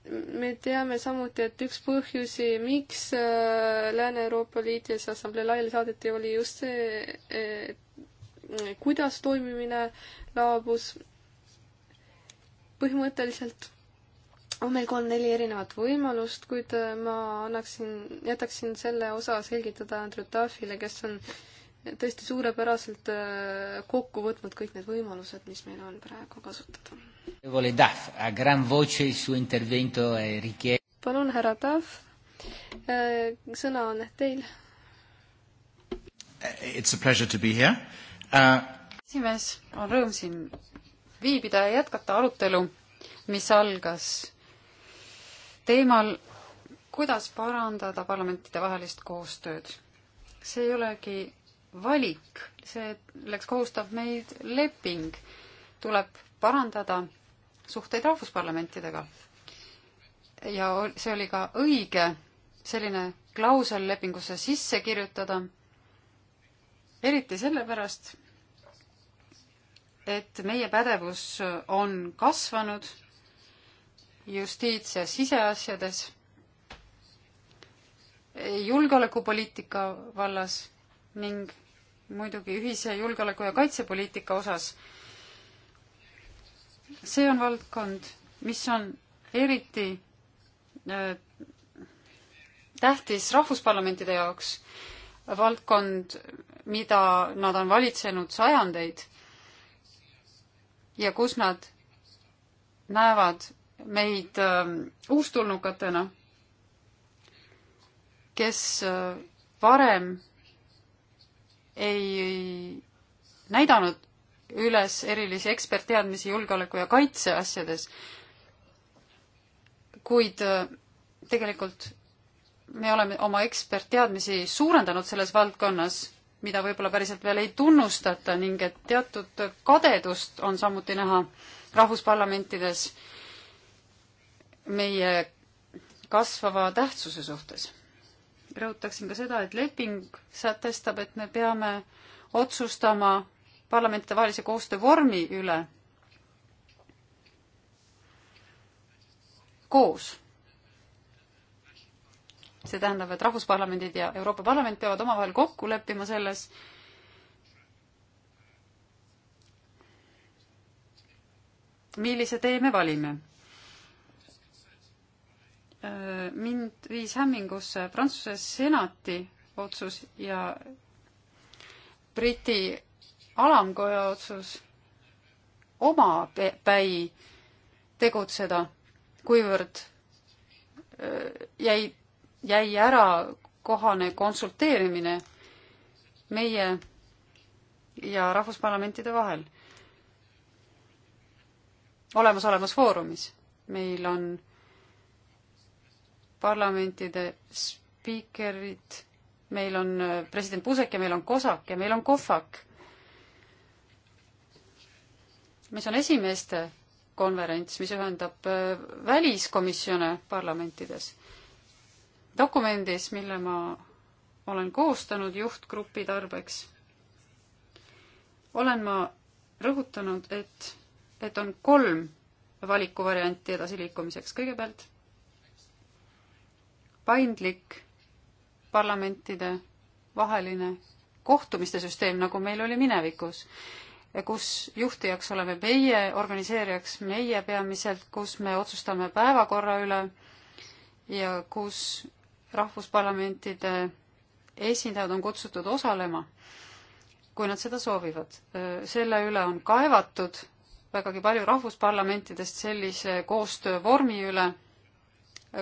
S3: me teame samuti, et üks põhjusi, miks äh, Lääne-Euroopa Liidus assamblee laiali saadeti, oli just see, kuidas toimimine laabus. põhimõtteliselt on meil kolm-neli erinevat võimalust, kuid äh, ma annaksin, jätaksin selle osa selgitada Andrew Duffile, kes on äh, tõesti suurepäraselt äh, kokku võtnud kõik need võimalused, mis meil on praegu kasutada. palun, härra Tahv, äh, sõna on teil.
S1: It's a pleasure to be here uh....
S3: esimees,
S4: on rõõm siin viibida ja jätkata arutelu, mis algas teemal, kuidas parandada parlamentidevahelist koostööd. see ei olegi valik, selleks kohustab meid leping, tuleb parandada suhteid rahvusparlamentidega. ja see oli ka õige selline klausel lepingusse sisse kirjutada, eriti sellepärast, et meie pädevus on kasvanud justiits- ja siseasjades, julgeolekupoliitika vallas ning muidugi ühise julgeoleku- ja kaitsepoliitika osas. see on valdkond, mis on eriti äh, tähtis rahvusparlamentide jaoks, valdkond, mida nad on valitsenud sajandeid ja kus nad näevad meid äh, uustulnukatena, kes äh, varem ei näidanud üles erilisi ekspertteadmisi julgeoleku ja kaitse asjades, kuid äh, tegelikult me oleme oma ekspertteadmisi suurendanud selles valdkonnas, mida võib-olla päriselt veel ei tunnustata ning et teatud kadedust on samuti näha rahvusparlamentides meie kasvava tähtsuse suhtes rõhutaksin ka seda, et leping sätestab, et me peame otsustama parlamentidevahelise koostöö vormi üle koos. see tähendab, et rahvusparlamendid ja Euroopa Parlament peavad omavahel kokku leppima selles, millise tee me valime Äh, mind viis hämmingusse Prantsuse senati otsus ja Briti alamkoja otsus omapäi tegutseda, kuivõrd äh, jäi, jäi ära kohane konsulteerimine meie ja rahvusparlamentide vahel olemasolevas foorumis. meil on parlamentide spiikerid, meil on äh, president Pusek ja meil on Kosak ja meil on Kohvak, mis on esimeeste konverents, mis ühendab äh, väliskomisjone parlamentides. dokumendis, mille ma olen koostanud juhtgrupi tarbeks, olen ma rõhutanud, et, et on kolm valikuvarianti edasiliikumiseks. kõigepealt paindlik parlamentide vaheline kohtumiste süsteem, nagu meil oli minevikus, kus juhtijaks oleme meie, organiseerijaks meie peamiselt, kus me otsustame päevakorra üle ja kus rahvusparlamentide esindajad on kutsutud osalema, kui nad seda soovivad. selle üle on kaevatud vägagi palju rahvusparlamentidest sellise koostöövormi üle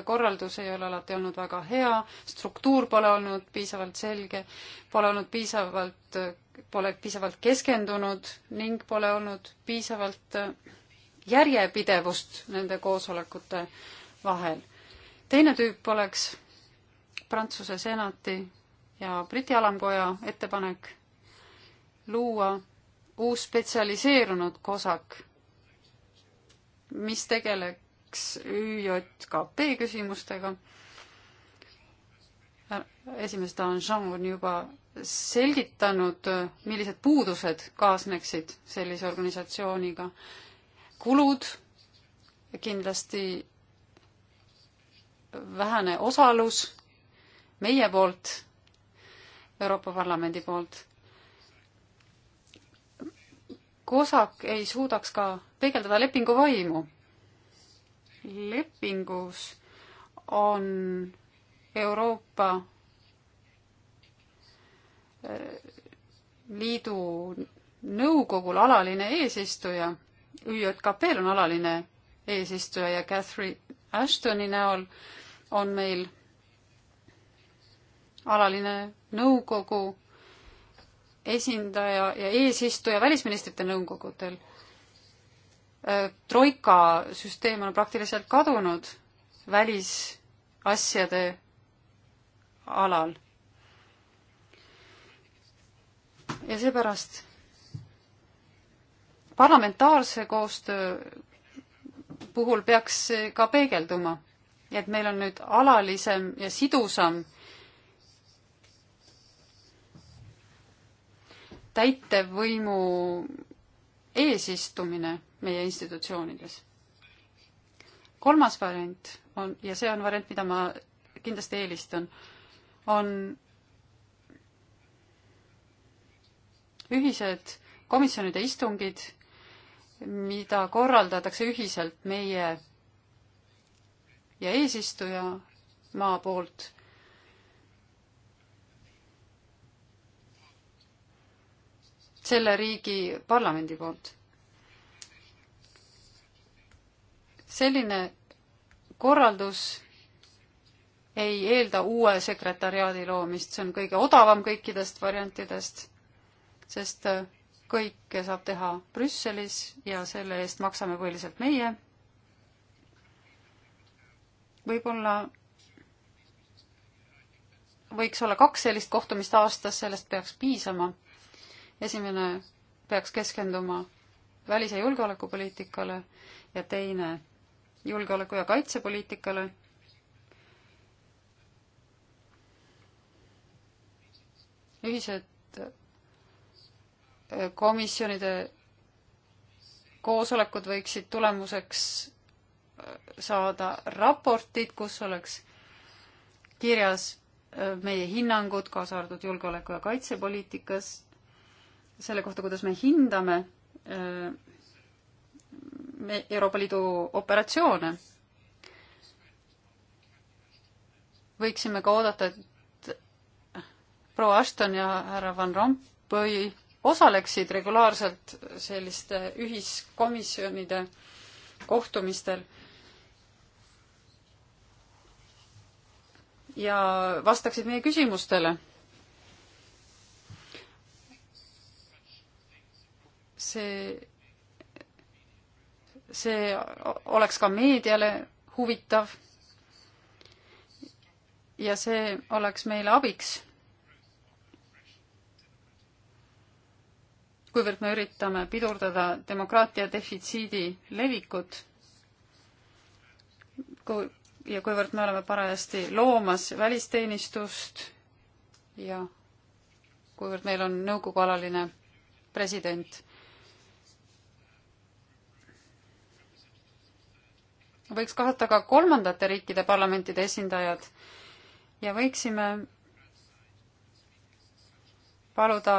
S4: korraldus ei ole alati olnud väga hea, struktuur pole olnud piisavalt selge, pole olnud piisavalt, pole piisavalt keskendunud ning pole olnud piisavalt äh, järjepidevust nende koosolekute vahel. teine tüüp oleks Prantsuse senati ja Briti alamkoja ettepanek luua uus spetsialiseerunud kosak, mis tegeleb kaks ÜJKP küsimustega. esimees Danjean on juba selgitanud, millised puudused kaasneksid sellise organisatsiooniga. kulud kindlasti vähene osalus meie poolt, Euroopa Parlamendi poolt. kosak ei suudaks ka peegeldada lepingu vaimu lepingus on Euroopa äh, Liidu nõukogul alaline eesistuja, ÜJKP-l on alaline eesistuja ja Catherine Ashtoni näol on meil alaline nõukogu esindaja ja eesistuja välisministrite nõukogudel troika süsteem on praktiliselt kadunud välisasjade alal. ja seepärast parlamentaarse koostöö puhul peaks see ka peegelduma, et meil on nüüd alalisem ja sidusam täitevvõimu eesistumine meie institutsioonides. kolmas variant on, ja see on variant, mida ma kindlasti eelistan, on ühised komisjonide istungid, mida korraldatakse ühiselt meie ja eesistuja maa poolt. selle riigi parlamendi poolt selline korraldus ei eelda uue sekretariaadi loomist, see on kõige odavam kõikidest variantidest, sest äh, kõike saab teha Brüsselis ja selle eest maksame põhiliselt meie. võib-olla võiks olla kaks sellist kohtumist aastas, sellest peaks piisama. esimene peaks keskenduma välis- ja julgeolekupoliitikale ja teine julgeoleku- ja kaitsepoliitikale. ühised äh, komisjonide koosolekud võiksid tulemuseks äh, saada raportid, kus oleks kirjas äh, meie hinnangud, kaasa arvatud julgeoleku- ja kaitsepoliitikas, selle kohta, kuidas me hindame Euroopa Liidu operatsioone. võiksime ka oodata, et proua Ashton ja härra Van Rompuy osaleksid regulaarselt selliste ühiskomisjonide kohtumistel ja vastaksid meie küsimustele. see see oleks ka meediale huvitav. ja see oleks meile abiks. kuivõrd me üritame pidurdada demokraatia defitsiidi levikut, kui ja kuivõrd me oleme parajasti loomas välisteenistust ja kuivõrd meil on nõukogu alaline president võiks kaasata ka kolmandate riikide parlamentide esindajad ja võiksime paluda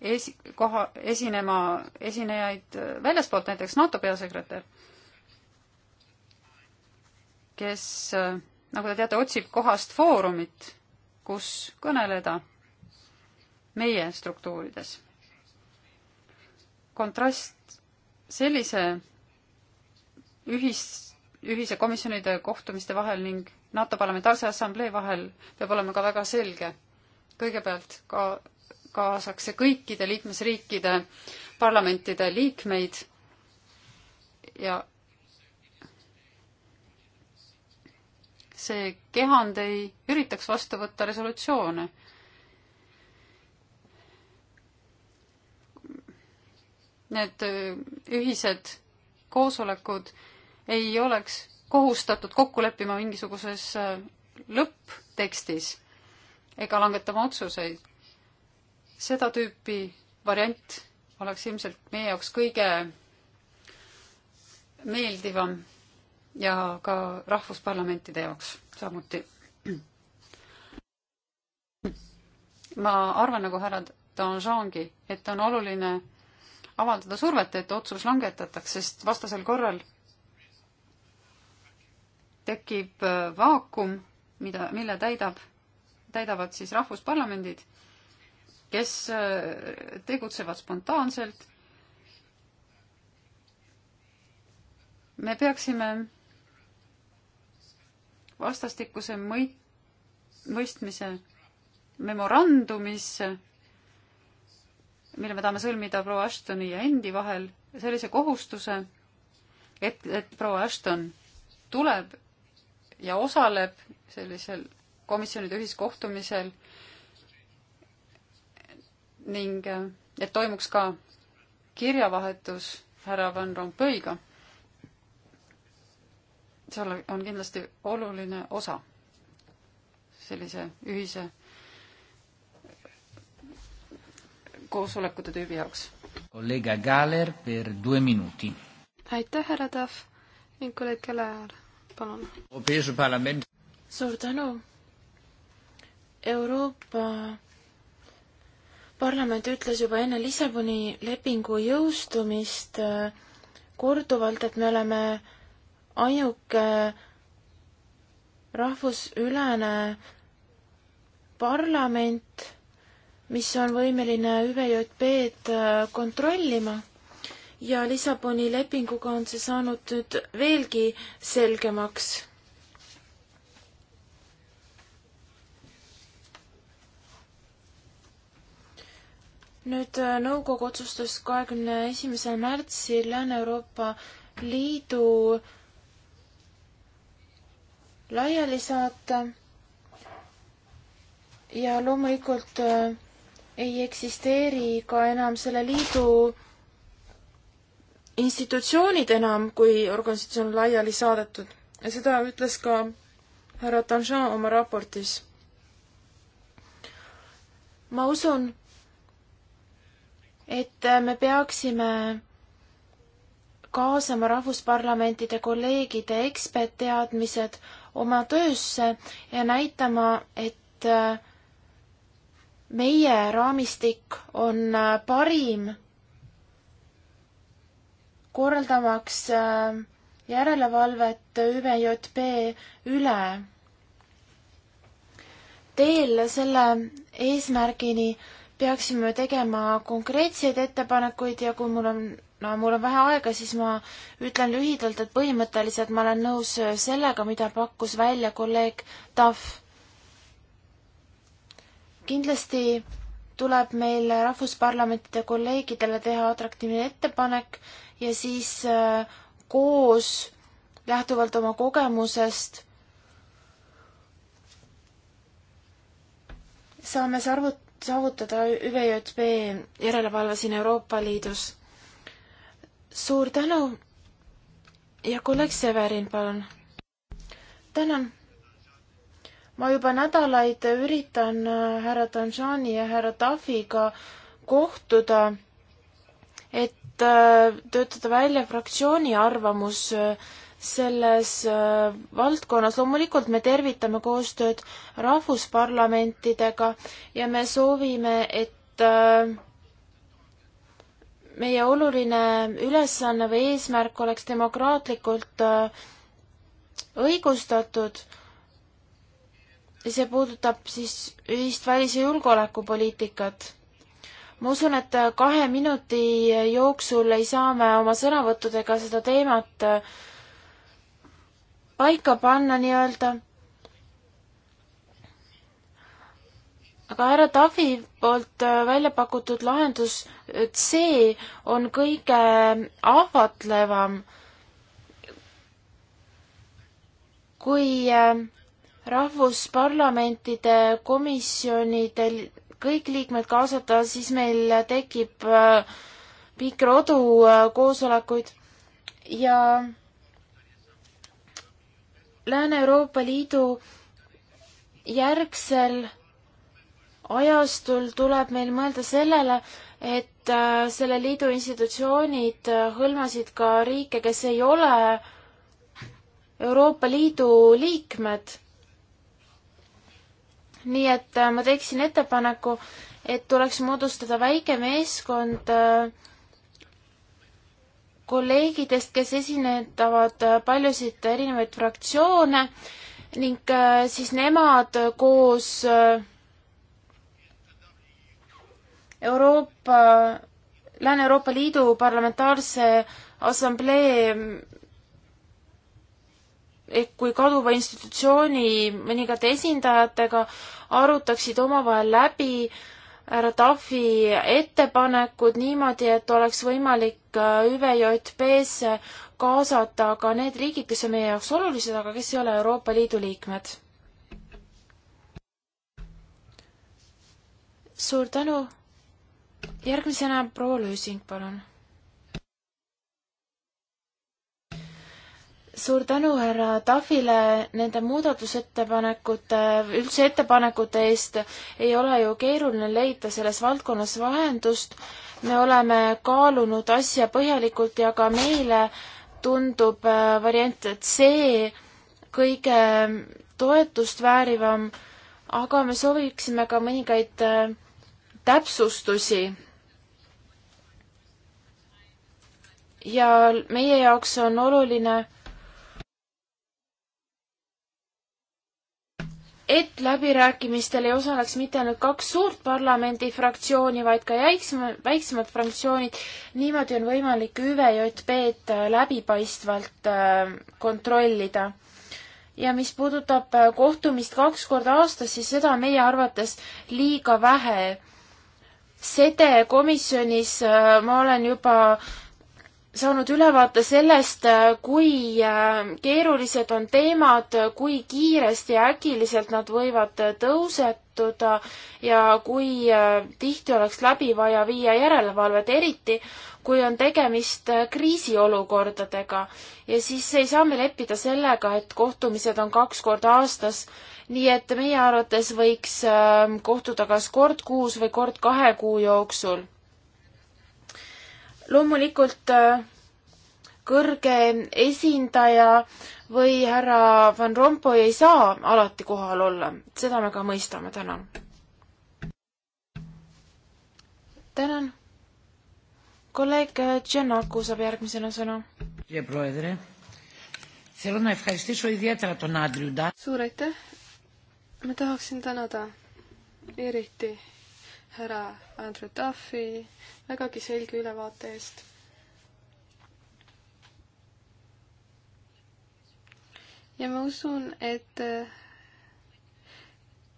S4: esi-, koha, esinema esinejaid väljaspoolt, näiteks NATO peasekretär, kes, nagu te teate, otsib kohast foorumit, kus kõneleda meie struktuurides. kontrast sellise ühis-, ühise komisjonide kohtumiste vahel ning NATO Parlamentaarse Assamblee vahel peab olema ka väga selge. kõigepealt ka kaasaks see kõikide liikmesriikide parlamentide liikmeid ja see kehand ei üritaks vastu võtta resolutsioone. Need ühised koosolekud ei oleks kohustatud kokku leppima mingisuguses äh, lõpptekstis ega langetama otsuseid. seda tüüpi variant oleks ilmselt meie jaoks kõige meeldivam ja ka rahvusparlamentide jaoks samuti. ma arvan, nagu härra Danjangi, et on oluline avaldada survet, et otsus langetataks, sest vastasel korral tekib äh, vaakum, mida, mille täidab, täidavad siis rahvusparlamendid, kes äh, tegutsevad spontaanselt. me peaksime vastastikuse mõi-, mõistmise memorandumisse, mille me tahame sõlmida proua Ashtoni ja endi vahel, sellise kohustuse, et, et proua Ashton tuleb ja osaleb sellisel komisjonide ühiskohtumisel ning äh, et toimuks ka kirjavahetus härra Van Rompuyga. see on kindlasti oluline osa sellise ühise koosolekute tüübi jaoks.
S1: kolleeg Galer per due minuti.
S3: aitäh, härra Tahv ning kolleeg Keller palun.
S2: suur tänu. Euroopa Parlament ütles juba enne Lissaboni lepingu jõustumist äh, korduvalt, et me oleme ainuke rahvusülene parlament, mis on võimeline ÜVJP-d äh, kontrollima ja Lissaboni lepinguga on see saanud nüüd veelgi selgemaks. nüüd äh, nõukogu otsustas kahekümne esimesel märtsil Lääne-Euroopa Liidu laiali saata ja loomulikult äh, ei eksisteeri ka enam selle liidu institutsioonid enam, kui organisatsioon on laiali saadetud ja seda ütles ka härra Tanjan oma raportis. ma usun, et me peaksime kaasama rahvusparlamentide kolleegide ekspertteadmised oma töösse ja näitama, et meie raamistik on parim korraldamaks äh, järelevalvet ÜVJP üle. teel selle eesmärgini peaksime tegema konkreetseid ettepanekuid ja kui mul on, no mul on vähe aega, siis ma ütlen lühidalt, et põhimõtteliselt ma olen nõus sellega, mida pakkus välja kolleeg Tahv. kindlasti tuleb meil rahvusparlamentide kolleegidele teha atraktiivne ettepanek ja siis äh, koos lähtuvalt oma kogemusest saame sarvut-, saavutada ÜVJP järelevalve siin Euroopa Liidus. suur tänu ja kolleeg Severin, palun. tänan ma juba nädalaid üritan äh, härra Tanžani ja härra Tafiga kohtuda, et äh, töötada välja fraktsiooni arvamus äh, selles valdkonnas. loomulikult me tervitame koostööd rahvusparlamentidega ja me soovime, et meie oluline ülesanne või eesmärk oleks demokraatlikult õigustatud see puudutab siis ühist välis- ja julgeolekupoliitikat. ma usun, et kahe minuti jooksul ei saa me oma sõnavõttudega seda teemat äh, paika panna nii-öelda. aga härra Tavi poolt äh, välja pakutud lahendus äh, C on kõige ahvatlevam. kui äh, rahvusparlamentide komisjonidel kõik liikmed kaasata, siis meil tekib äh, pikk rodu äh, koosolekuid ja Lääne-Euroopa Liidu järgsel ajastul tuleb meil mõelda sellele, et äh, selle liidu institutsioonid hõlmasid ka riike, kes ei ole Euroopa Liidu liikmed nii et äh, ma teeksin ettepaneku, et tuleks moodustada väike meeskond äh, kolleegidest, kes esinetavad äh, paljusid erinevaid fraktsioone ning siis nemad koos Euroopa, Lääne-Euroopa Liidu Parlamentaarse Assamblee ehk kui kaduva institutsiooni mõningate esindajatega arutaksid omavahel läbi härra Tafi ettepanekud niimoodi, et oleks võimalik äh, ÜVJP-sse äh, kaasata ka need riigid, kes on meie jaoks olulised, aga kes ei ole Euroopa Liidu liikmed. suur tänu. järgmisena proua Lüüsing, palun suur tänu härra Tafile nende muudatusettepanekute, üldse ettepanekute eest. ei ole ju keeruline leida selles valdkonnas vahendust. me oleme kaalunud asja põhjalikult ja ka meile tundub äh, variant C kõige toetust väärivam, aga me sooviksime ka mõningaid äh, täpsustusi ja meie jaoks on oluline et läbirääkimistel ei osaleks mitte ainult kaks suurt parlamendifraktsiooni, vaid ka jäiksema, väiksemad fraktsioonid. niimoodi on võimalik ÜVJP-d äh, läbipaistvalt äh, kontrollida. ja mis puudutab äh, kohtumist kaks korda aastas, siis seda on meie arvates liiga vähe. sede komisjonis ma olen juba äh, saanud ülevaate sellest, kui äh, keerulised on teemad, kui kiiresti ja äkiliselt nad võivad tõusetuda ja kui äh, tihti oleks läbi vaja viia järelevalvet, eriti kui on tegemist äh, kriisiolukordadega. ja siis ei saa me leppida sellega, et kohtumised on kaks korda aastas, nii et meie arvates võiks kohtuda kas kord kuus või kord kahe kuu jooksul loomulikult äh, kõrge esindaja või härra Van Rompuy ei saa alati kohal olla, seda me ka mõistame, tänan. tänan. kolleeg äh, Tšernaku saab järgmisena sõna. suur aitäh,
S3: ma tahaksin tänada eriti härra Andrew Duffy vägagi selge ülevaate eest. ja ma usun, et äh,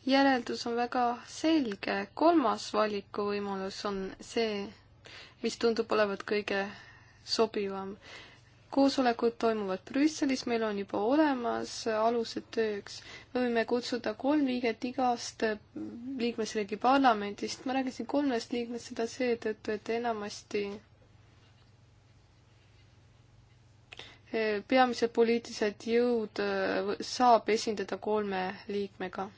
S3: järeldus on väga selge. kolmas valikuvõimalus on see, mis tundub olevat kõige sobivam koosolekud toimuvad Brüsselis, meil on juba olemas alused tööks. me võime kutsuda kolm liiget igast liikmesriigi parlamendist, ma rääkisin kolmest liikmest seda seetõttu, et enamasti peamised poliitilised jõud äh, saab esindada kolme liikmega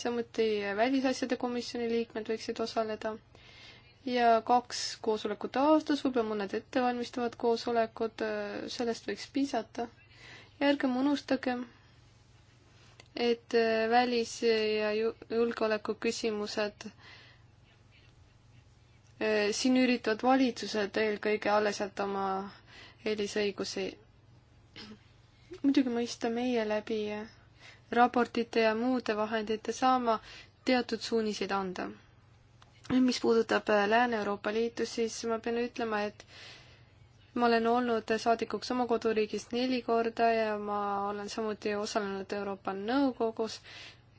S3: samuti välisasjade komisjoni liikmed võiksid osaleda ja kaks koosolekut aastas, võib-olla mõned ettevalmistavad koosolekud, äh, sellest võiks piisata. ja ärgem unustagem, et äh, välis- ja julgeolekuküsimused äh, siin üritavad valitsused eelkõige alles jätta oma eelisõigusi. muidugi mõista meie läbi raportite ja muude vahendite saama teatud suuniseid anda mis puudutab äh, Lääne-Euroopa Liitu, siis ma pean ütlema, et ma olen olnud saadikuks oma koduriigist neli korda ja ma olen samuti osalenud Euroopa Nõukogus.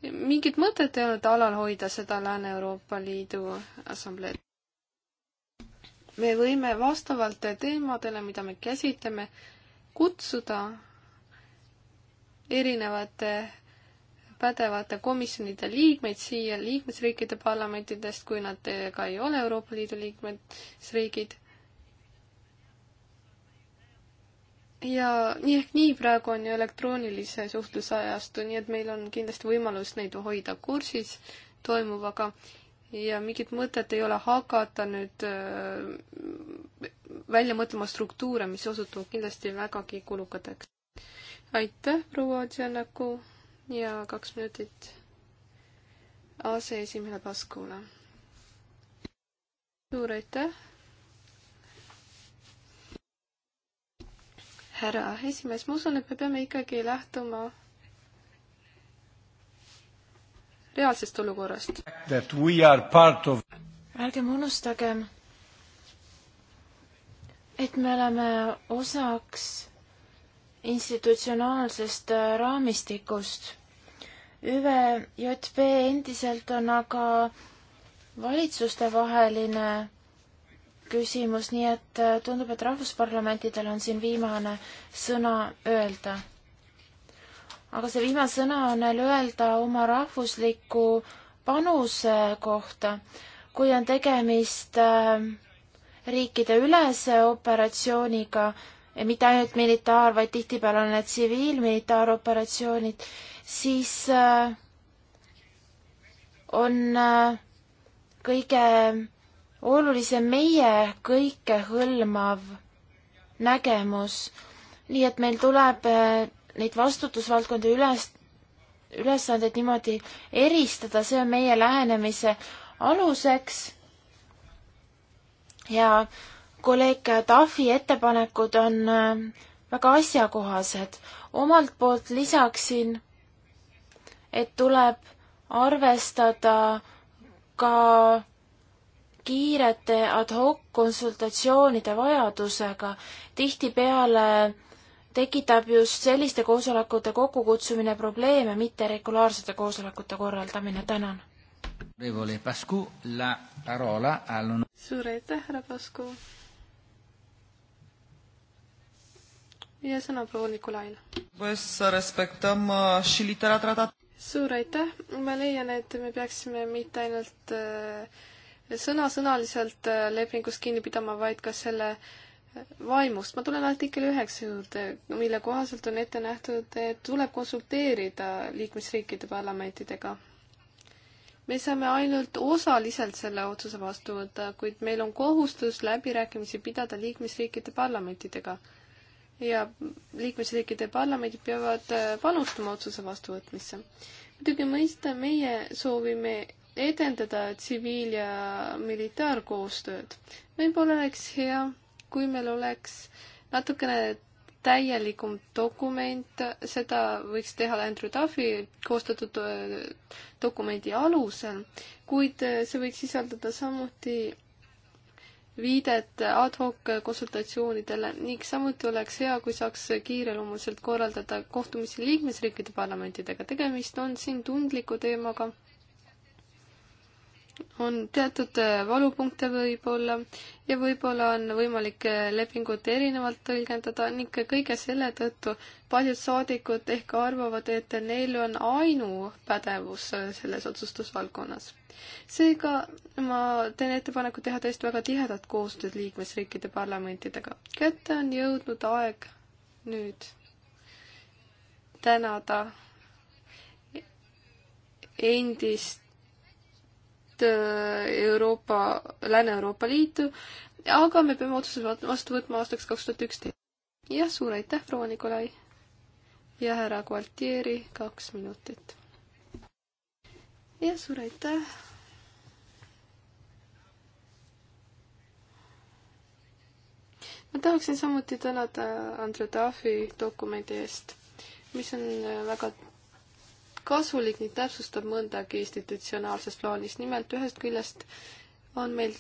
S3: mingit mõtet ei olnud alal hoida seda Lääne-Euroopa Liidu assambleed. me võime vastavalt teemadele, mida me käsitleme, kutsuda erinevate pädevate komisjonide liikmeid siia liikmesriikide parlamentidest, kui nad ka ei ole Euroopa Liidu liikmesriigid. ja nii ehk nii praegu on ju elektroonilise suhtluse ajastu, nii et meil on kindlasti võimalus neid hoida kursis toimuvaga ja mingit mõtet ei ole hakata nüüd äh, välja mõtlema struktuure, mis osutuvad kindlasti vägagi kulukateks. aitäh, proua Tšernaku! ja kaks minutit aseesimehele Paskule. suur aitäh. härra esimees, ma usun, et me peame ikkagi lähtuma
S2: reaalsest olukorrast. Of... ärgem unustagem, et me oleme osaks institutsionaalsest äh, raamistikust. ÜVJP endiselt on aga valitsustevaheline küsimus, nii et äh, tundub, et rahvusparlamentidel on siin viimane sõna öelda. aga see viimane sõna on neil öelda oma rahvusliku panuse kohta, kui on tegemist äh, riikide ülese operatsiooniga, ja mitte ainult militaar, vaid tihtipeale on need tsiviilmilitaaroperatsioonid, siis äh, on äh, kõige olulisem meie kõike hõlmav nägemus. nii et meil tuleb äh, neid vastutusvaldkondi üles, ülesandeid niimoodi eristada, see on meie lähenemise aluseks ja kolleeg Tafi ettepanekud on äh, väga asjakohased. omalt poolt lisaksin, et tuleb arvestada ka kiirete ad hoc konsultatsioonide vajadusega. tihtipeale tekitab just selliste koosolekute kokkukutsumine probleeme, mitte regulaarsete koosolekute korraldamine. tänan. suur aitäh,
S3: härra Pasku ja sõna proua Nikolaile. Uh, suur aitäh, ma leian, et me peaksime mitte ainult uh, sõna-sõnaliselt uh, lepingust kinni pidama, vaid ka selle vaimust. ma tulen artikli üheksa juurde, mille kohaselt on ette nähtud, et tuleb konsulteerida liikmesriikide parlamentidega. me saame ainult osaliselt selle otsuse vastu võtta, kuid meil on kohustus läbirääkimisi pidada liikmesriikide parlamentidega ja liikmesriikide parlamendid peavad äh, panustama otsuse vastuvõtmisse. muidugi mõista, meie soovime edendada tsiviil- ja militaarkoostööd. võib-olla oleks hea, kui meil oleks natukene täielikum dokument, seda võiks teha Andrew Duffy koostatud äh, dokumendi alusel, kuid äh, see võiks sisaldada samuti viidet ad hoc konsultatsioonidele ning samuti oleks hea, kui saaks kiireloomuliselt korraldada kohtumisi liikmesriikide parlamentidega. tegemist on siin tundliku teemaga on teatud äh, valupunkte võib-olla ja võib-olla on võimalik äh, lepingut erinevalt tõlgendada ning kõige selle tõttu paljud saadikud ehk arvavad, et neil on ainupädevus äh, selles otsustusvaldkonnas. seega ma teen ettepaneku teha tõesti väga tihedat koostööd liikmesriikide parlamentidega. kätte on jõudnud aeg nüüd tänada endist Liit, äh, Euroopa, Lääne-Euroopa Liitu, aga me peame otsused vastu võtma aastaks kaks tuhat üksteist. jah, suur aitäh, proua Nikolai! ja härra Gualtieri, kaks minutit. jah, suur aitäh! ma tahaksin samuti tänada Andre Taavi dokumendi eest, mis on äh, väga kasulik ning täpsustab mõndagi institutsionaalses plaanis. nimelt ühest küljest on meil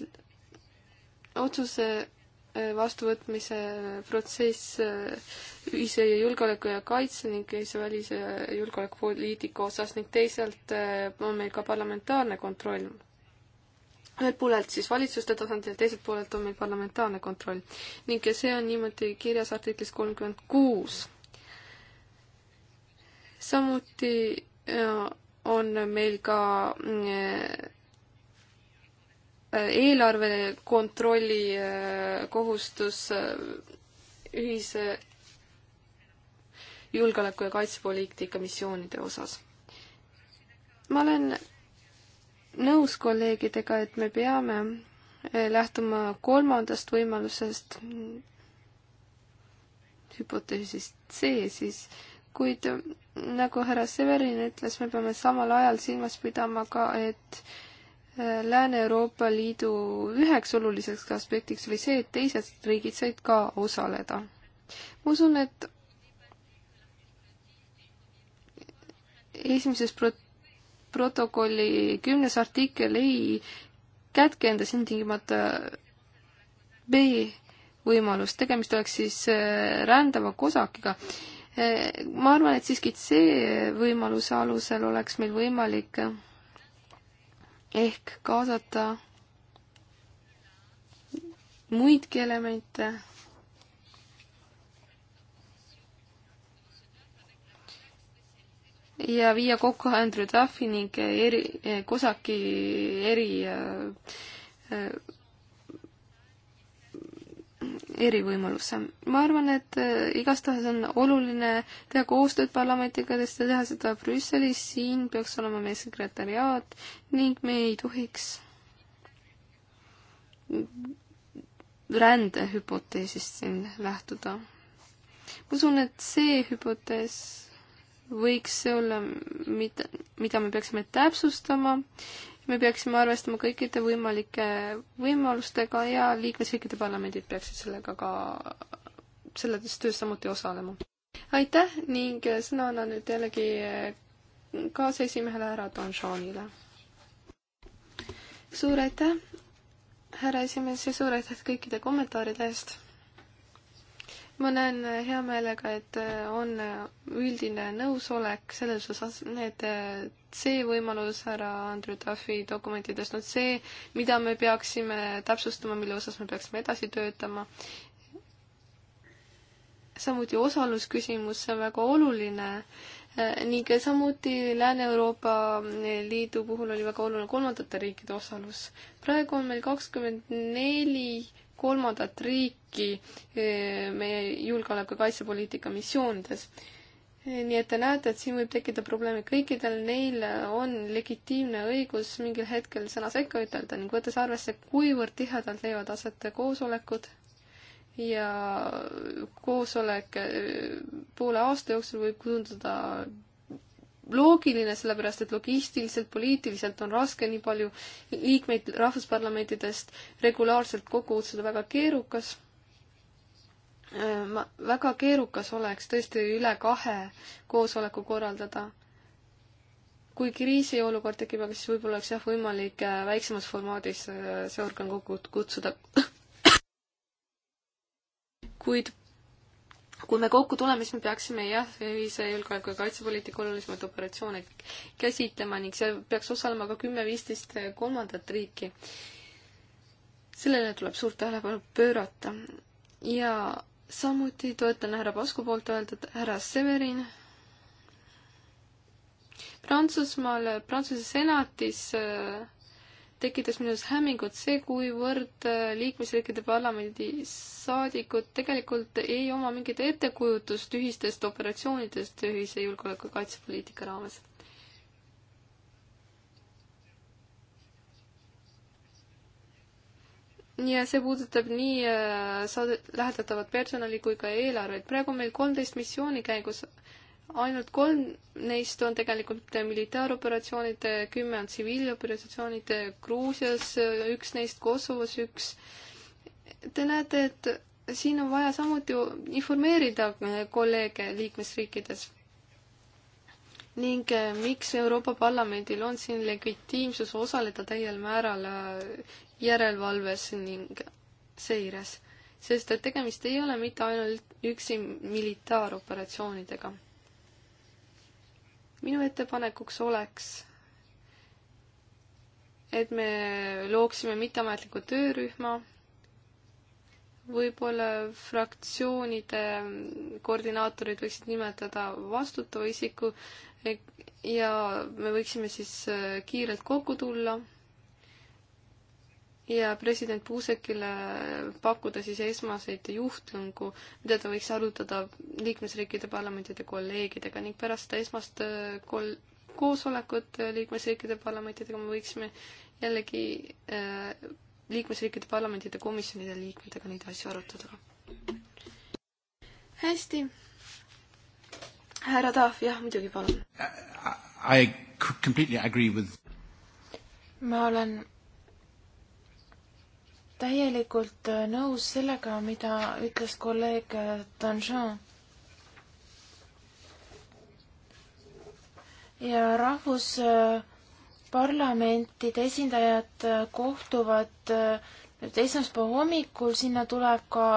S3: otsuse äh, vastuvõtmise äh, protsess äh, ühise julgeoleku ja kaitse ning ühise välise julgeolekupoliitika osas ning teisalt on meil ka parlamentaarne kontroll. ühelt poolelt siis valitsuste tasandil, teiselt poolelt on meil parlamentaarne kontroll ning see on niimoodi kirjas artiklis kolmkümmend kuus. samuti Äh, on meil ka mm, äh, eelarve kontrolli äh, kohustus ühise julgeoleku- ja kaitsepoliitika missioonide osas. ma olen nõus kolleegidega, et me peame lähtuma kolmandast võimalusest, mm, hüpoteesist C siis kuid äh, nagu härra Severin ütles, me peame samal ajal silmas pidama ka, et äh, Lääne-Euroopa Liidu üheks oluliseks aspektiks oli see, et teised riigid said ka osaleda. ma usun, et esimeses pro-, protokolli kümnes artikkel ei kätkenda siin tingimata B võimalust, tegemist oleks siis äh, rändava kosakiga ma arvan, et siiski see võimaluse alusel oleks meil võimalik ehk kaasata muidki elemente. ja viia kokku Andrew Duffi ning eri, eh, Kosaki eri äh, erivõimaluse. ma arvan, et äh, igastahes on oluline teha koostööd parlamendiga, sest teha seda Brüsselis, siin peaks olema meie sekretäriaat ning me ei tohiks rändehüpoteesist siin lähtuda. ma usun, et see hüpotees võiks olla, mida, mida me peaksime täpsustama me peaksime arvestama kõikide võimalike võimalustega ja liikmesriikide parlamendid peaksid sellega ka, selles töös samuti osalema. aitäh ning sõna annan nüüd jällegi kaasesimehele härra Donžonile. suur aitäh, härra esimees ja suur aitäh kõikide kommentaaride eest ma näen hea meelega, et on üldine nõusolek selles osas, need see võimalus härra Andrew Duffy dokumentidest on see, mida me peaksime täpsustama, mille osas me peaksime edasi töötama. samuti osalusküsimus, see on väga oluline ning samuti Lääne-Euroopa Liidu puhul oli väga oluline kolmandate riikide osalus. praegu on meil kakskümmend neli kolmandat riiki eh, meie julgeoleku- ja kaitsepoliitika missioonides nii et te näete, et siin võib tekkida probleeme, kõikidel neil on legitiimne õigus mingil hetkel sõna sekka ütelda ning võttes arvesse, kuivõrd tihedalt leiavad aset koosolekud ja koosolek eh, poole aasta jooksul võib kujundada loogiline, sellepärast et logistiliselt, poliitiliselt on raske nii palju liikmeid rahvusparlamentidest regulaarselt kokku kutsuda, väga keerukas ma, väga keerukas oleks tõesti üle kahe koosoleku korraldada. kui kriisiolukord tekib, aga siis võib-olla oleks jah võimalik äh, väiksemas formaadis äh, see organ kokku kutsuda. (coughs) kuid kui me kokku tuleme, siis me peaksime jah, ühise julgeoleku ja kaitsepoliitika olulisemaid operatsioone käsitlema ning seal peaks osalema ka kümme-viisteist äh, kolmandat riiki. sellele tuleb suurt tähelepanu pöörata ja samuti toetan härra Pasku poolt öeldud härra Severin. Prantsusmaal, Prantsuse senatis äh, tekitas minus hämmingut see, kuivõrd äh, liikmesriikide parlamendi saadikud tegelikult ei oma mingit ettekujutust ühistest operatsioonidest ühise julgeoleku ja kaitsepoliitika raames ja see puudutab nii äh, saadet, lähetatavat personali kui ka eelarveid. praegu on meil kolmteist missiooni käigus, ainult kolm neist on tegelikult militaaroperatsioonid, kümme on tsiviiloperatsioonid Gruusias, üks neist Kosovos, üks. Te näete, et siin on vaja samuti informeerida kolleege liikmesriikides. ning äh, miks Euroopa Parlamendil on siin legitiimsus osaleda täiel määral äh, järelevalves ning seires, sest et tegemist ei ole mitte ainult üksi militaaroperatsioonidega. minu ettepanekuks oleks, et me looksime mitteametliku töörühma, võib-olla fraktsioonide koordinaatorid võiksid nimetada vastutava isiku ja me võiksime siis äh, kiirelt kokku tulla ja president Puusekile pakkuda siis esmaseid juhtlõngu, mida ta võiks arutada liikmesriikide parlamentide kolleegidega ning pärast seda esmast äh, kol-, koosolekut äh, liikmesriikide parlamentidega me võiksime jällegi äh, liikmesriikide parlamentide komisjonide liikmetega neid asju arutada. hästi.
S2: härra Tahv, jah, muidugi, palun.
S1: I completely agree with
S2: ma olen täielikult äh, nõus sellega, mida ütles kolleeg äh, Danjean. ja rahvusparlamentide äh, esindajad kohtuvad nüüd esmaspäeva hommikul, sinna tuleb ka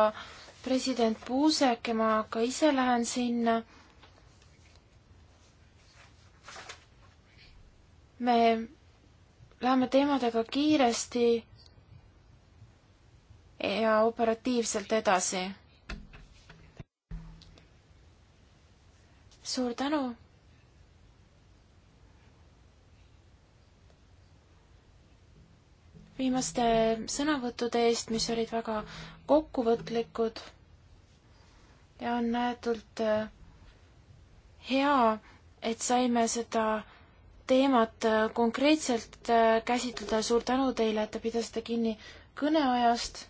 S2: president Puusek ja ma ka ise lähen sinna. me läheme teemadega kiiresti ja operatiivselt edasi. suur tänu. viimaste sõnavõttude eest, mis olid väga kokkuvõtlikud ja on ääretult äh, hea, et saime seda teemat äh, konkreetselt äh, käsitleda ja suur tänu teile, et te pidasite kinni kõneajast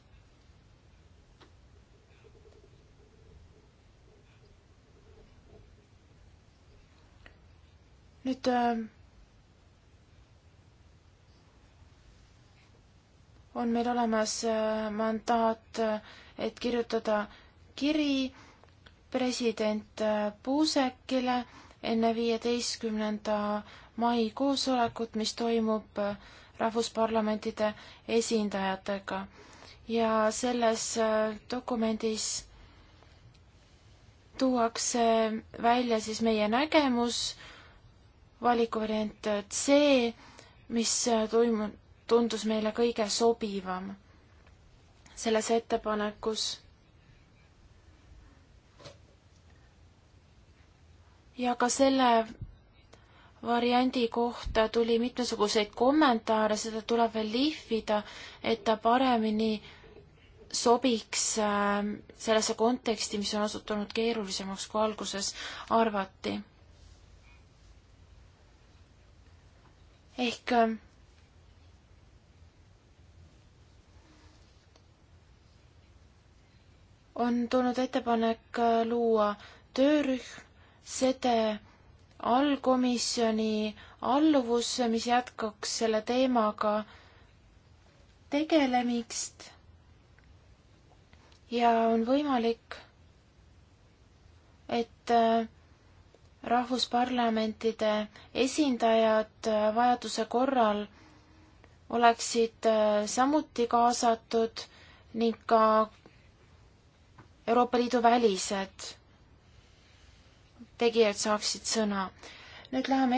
S2: nüüd äh, on meil olemas äh, mandaat, äh, et kirjutada kiri president Puusekile enne viieteistkümnenda mai koosolekut, mis toimub rahvusparlamentide esindajatega. ja selles dokumendis tuuakse välja siis meie nägemus valikuvariant C, mis toimu-, tundus meile kõige sobivam selles ettepanekus. ja ka selle variandi kohta tuli mitmesuguseid kommentaare, seda tuleb veel lihvida, et ta paremini sobiks äh, sellesse konteksti, mis on osutunud keerulisemaks, kui alguses arvati ehk äh, on tulnud ettepanek äh, luua töörühm sede allkomisjoni alluvusse, mis jätkaks selle teemaga tegelemist ja on võimalik, et äh, rahvusparlamentide esindajad äh, vajaduse korral oleksid äh, samuti kaasatud ning ka Euroopa Liidu välised tegijad saaksid sõna. nüüd läheme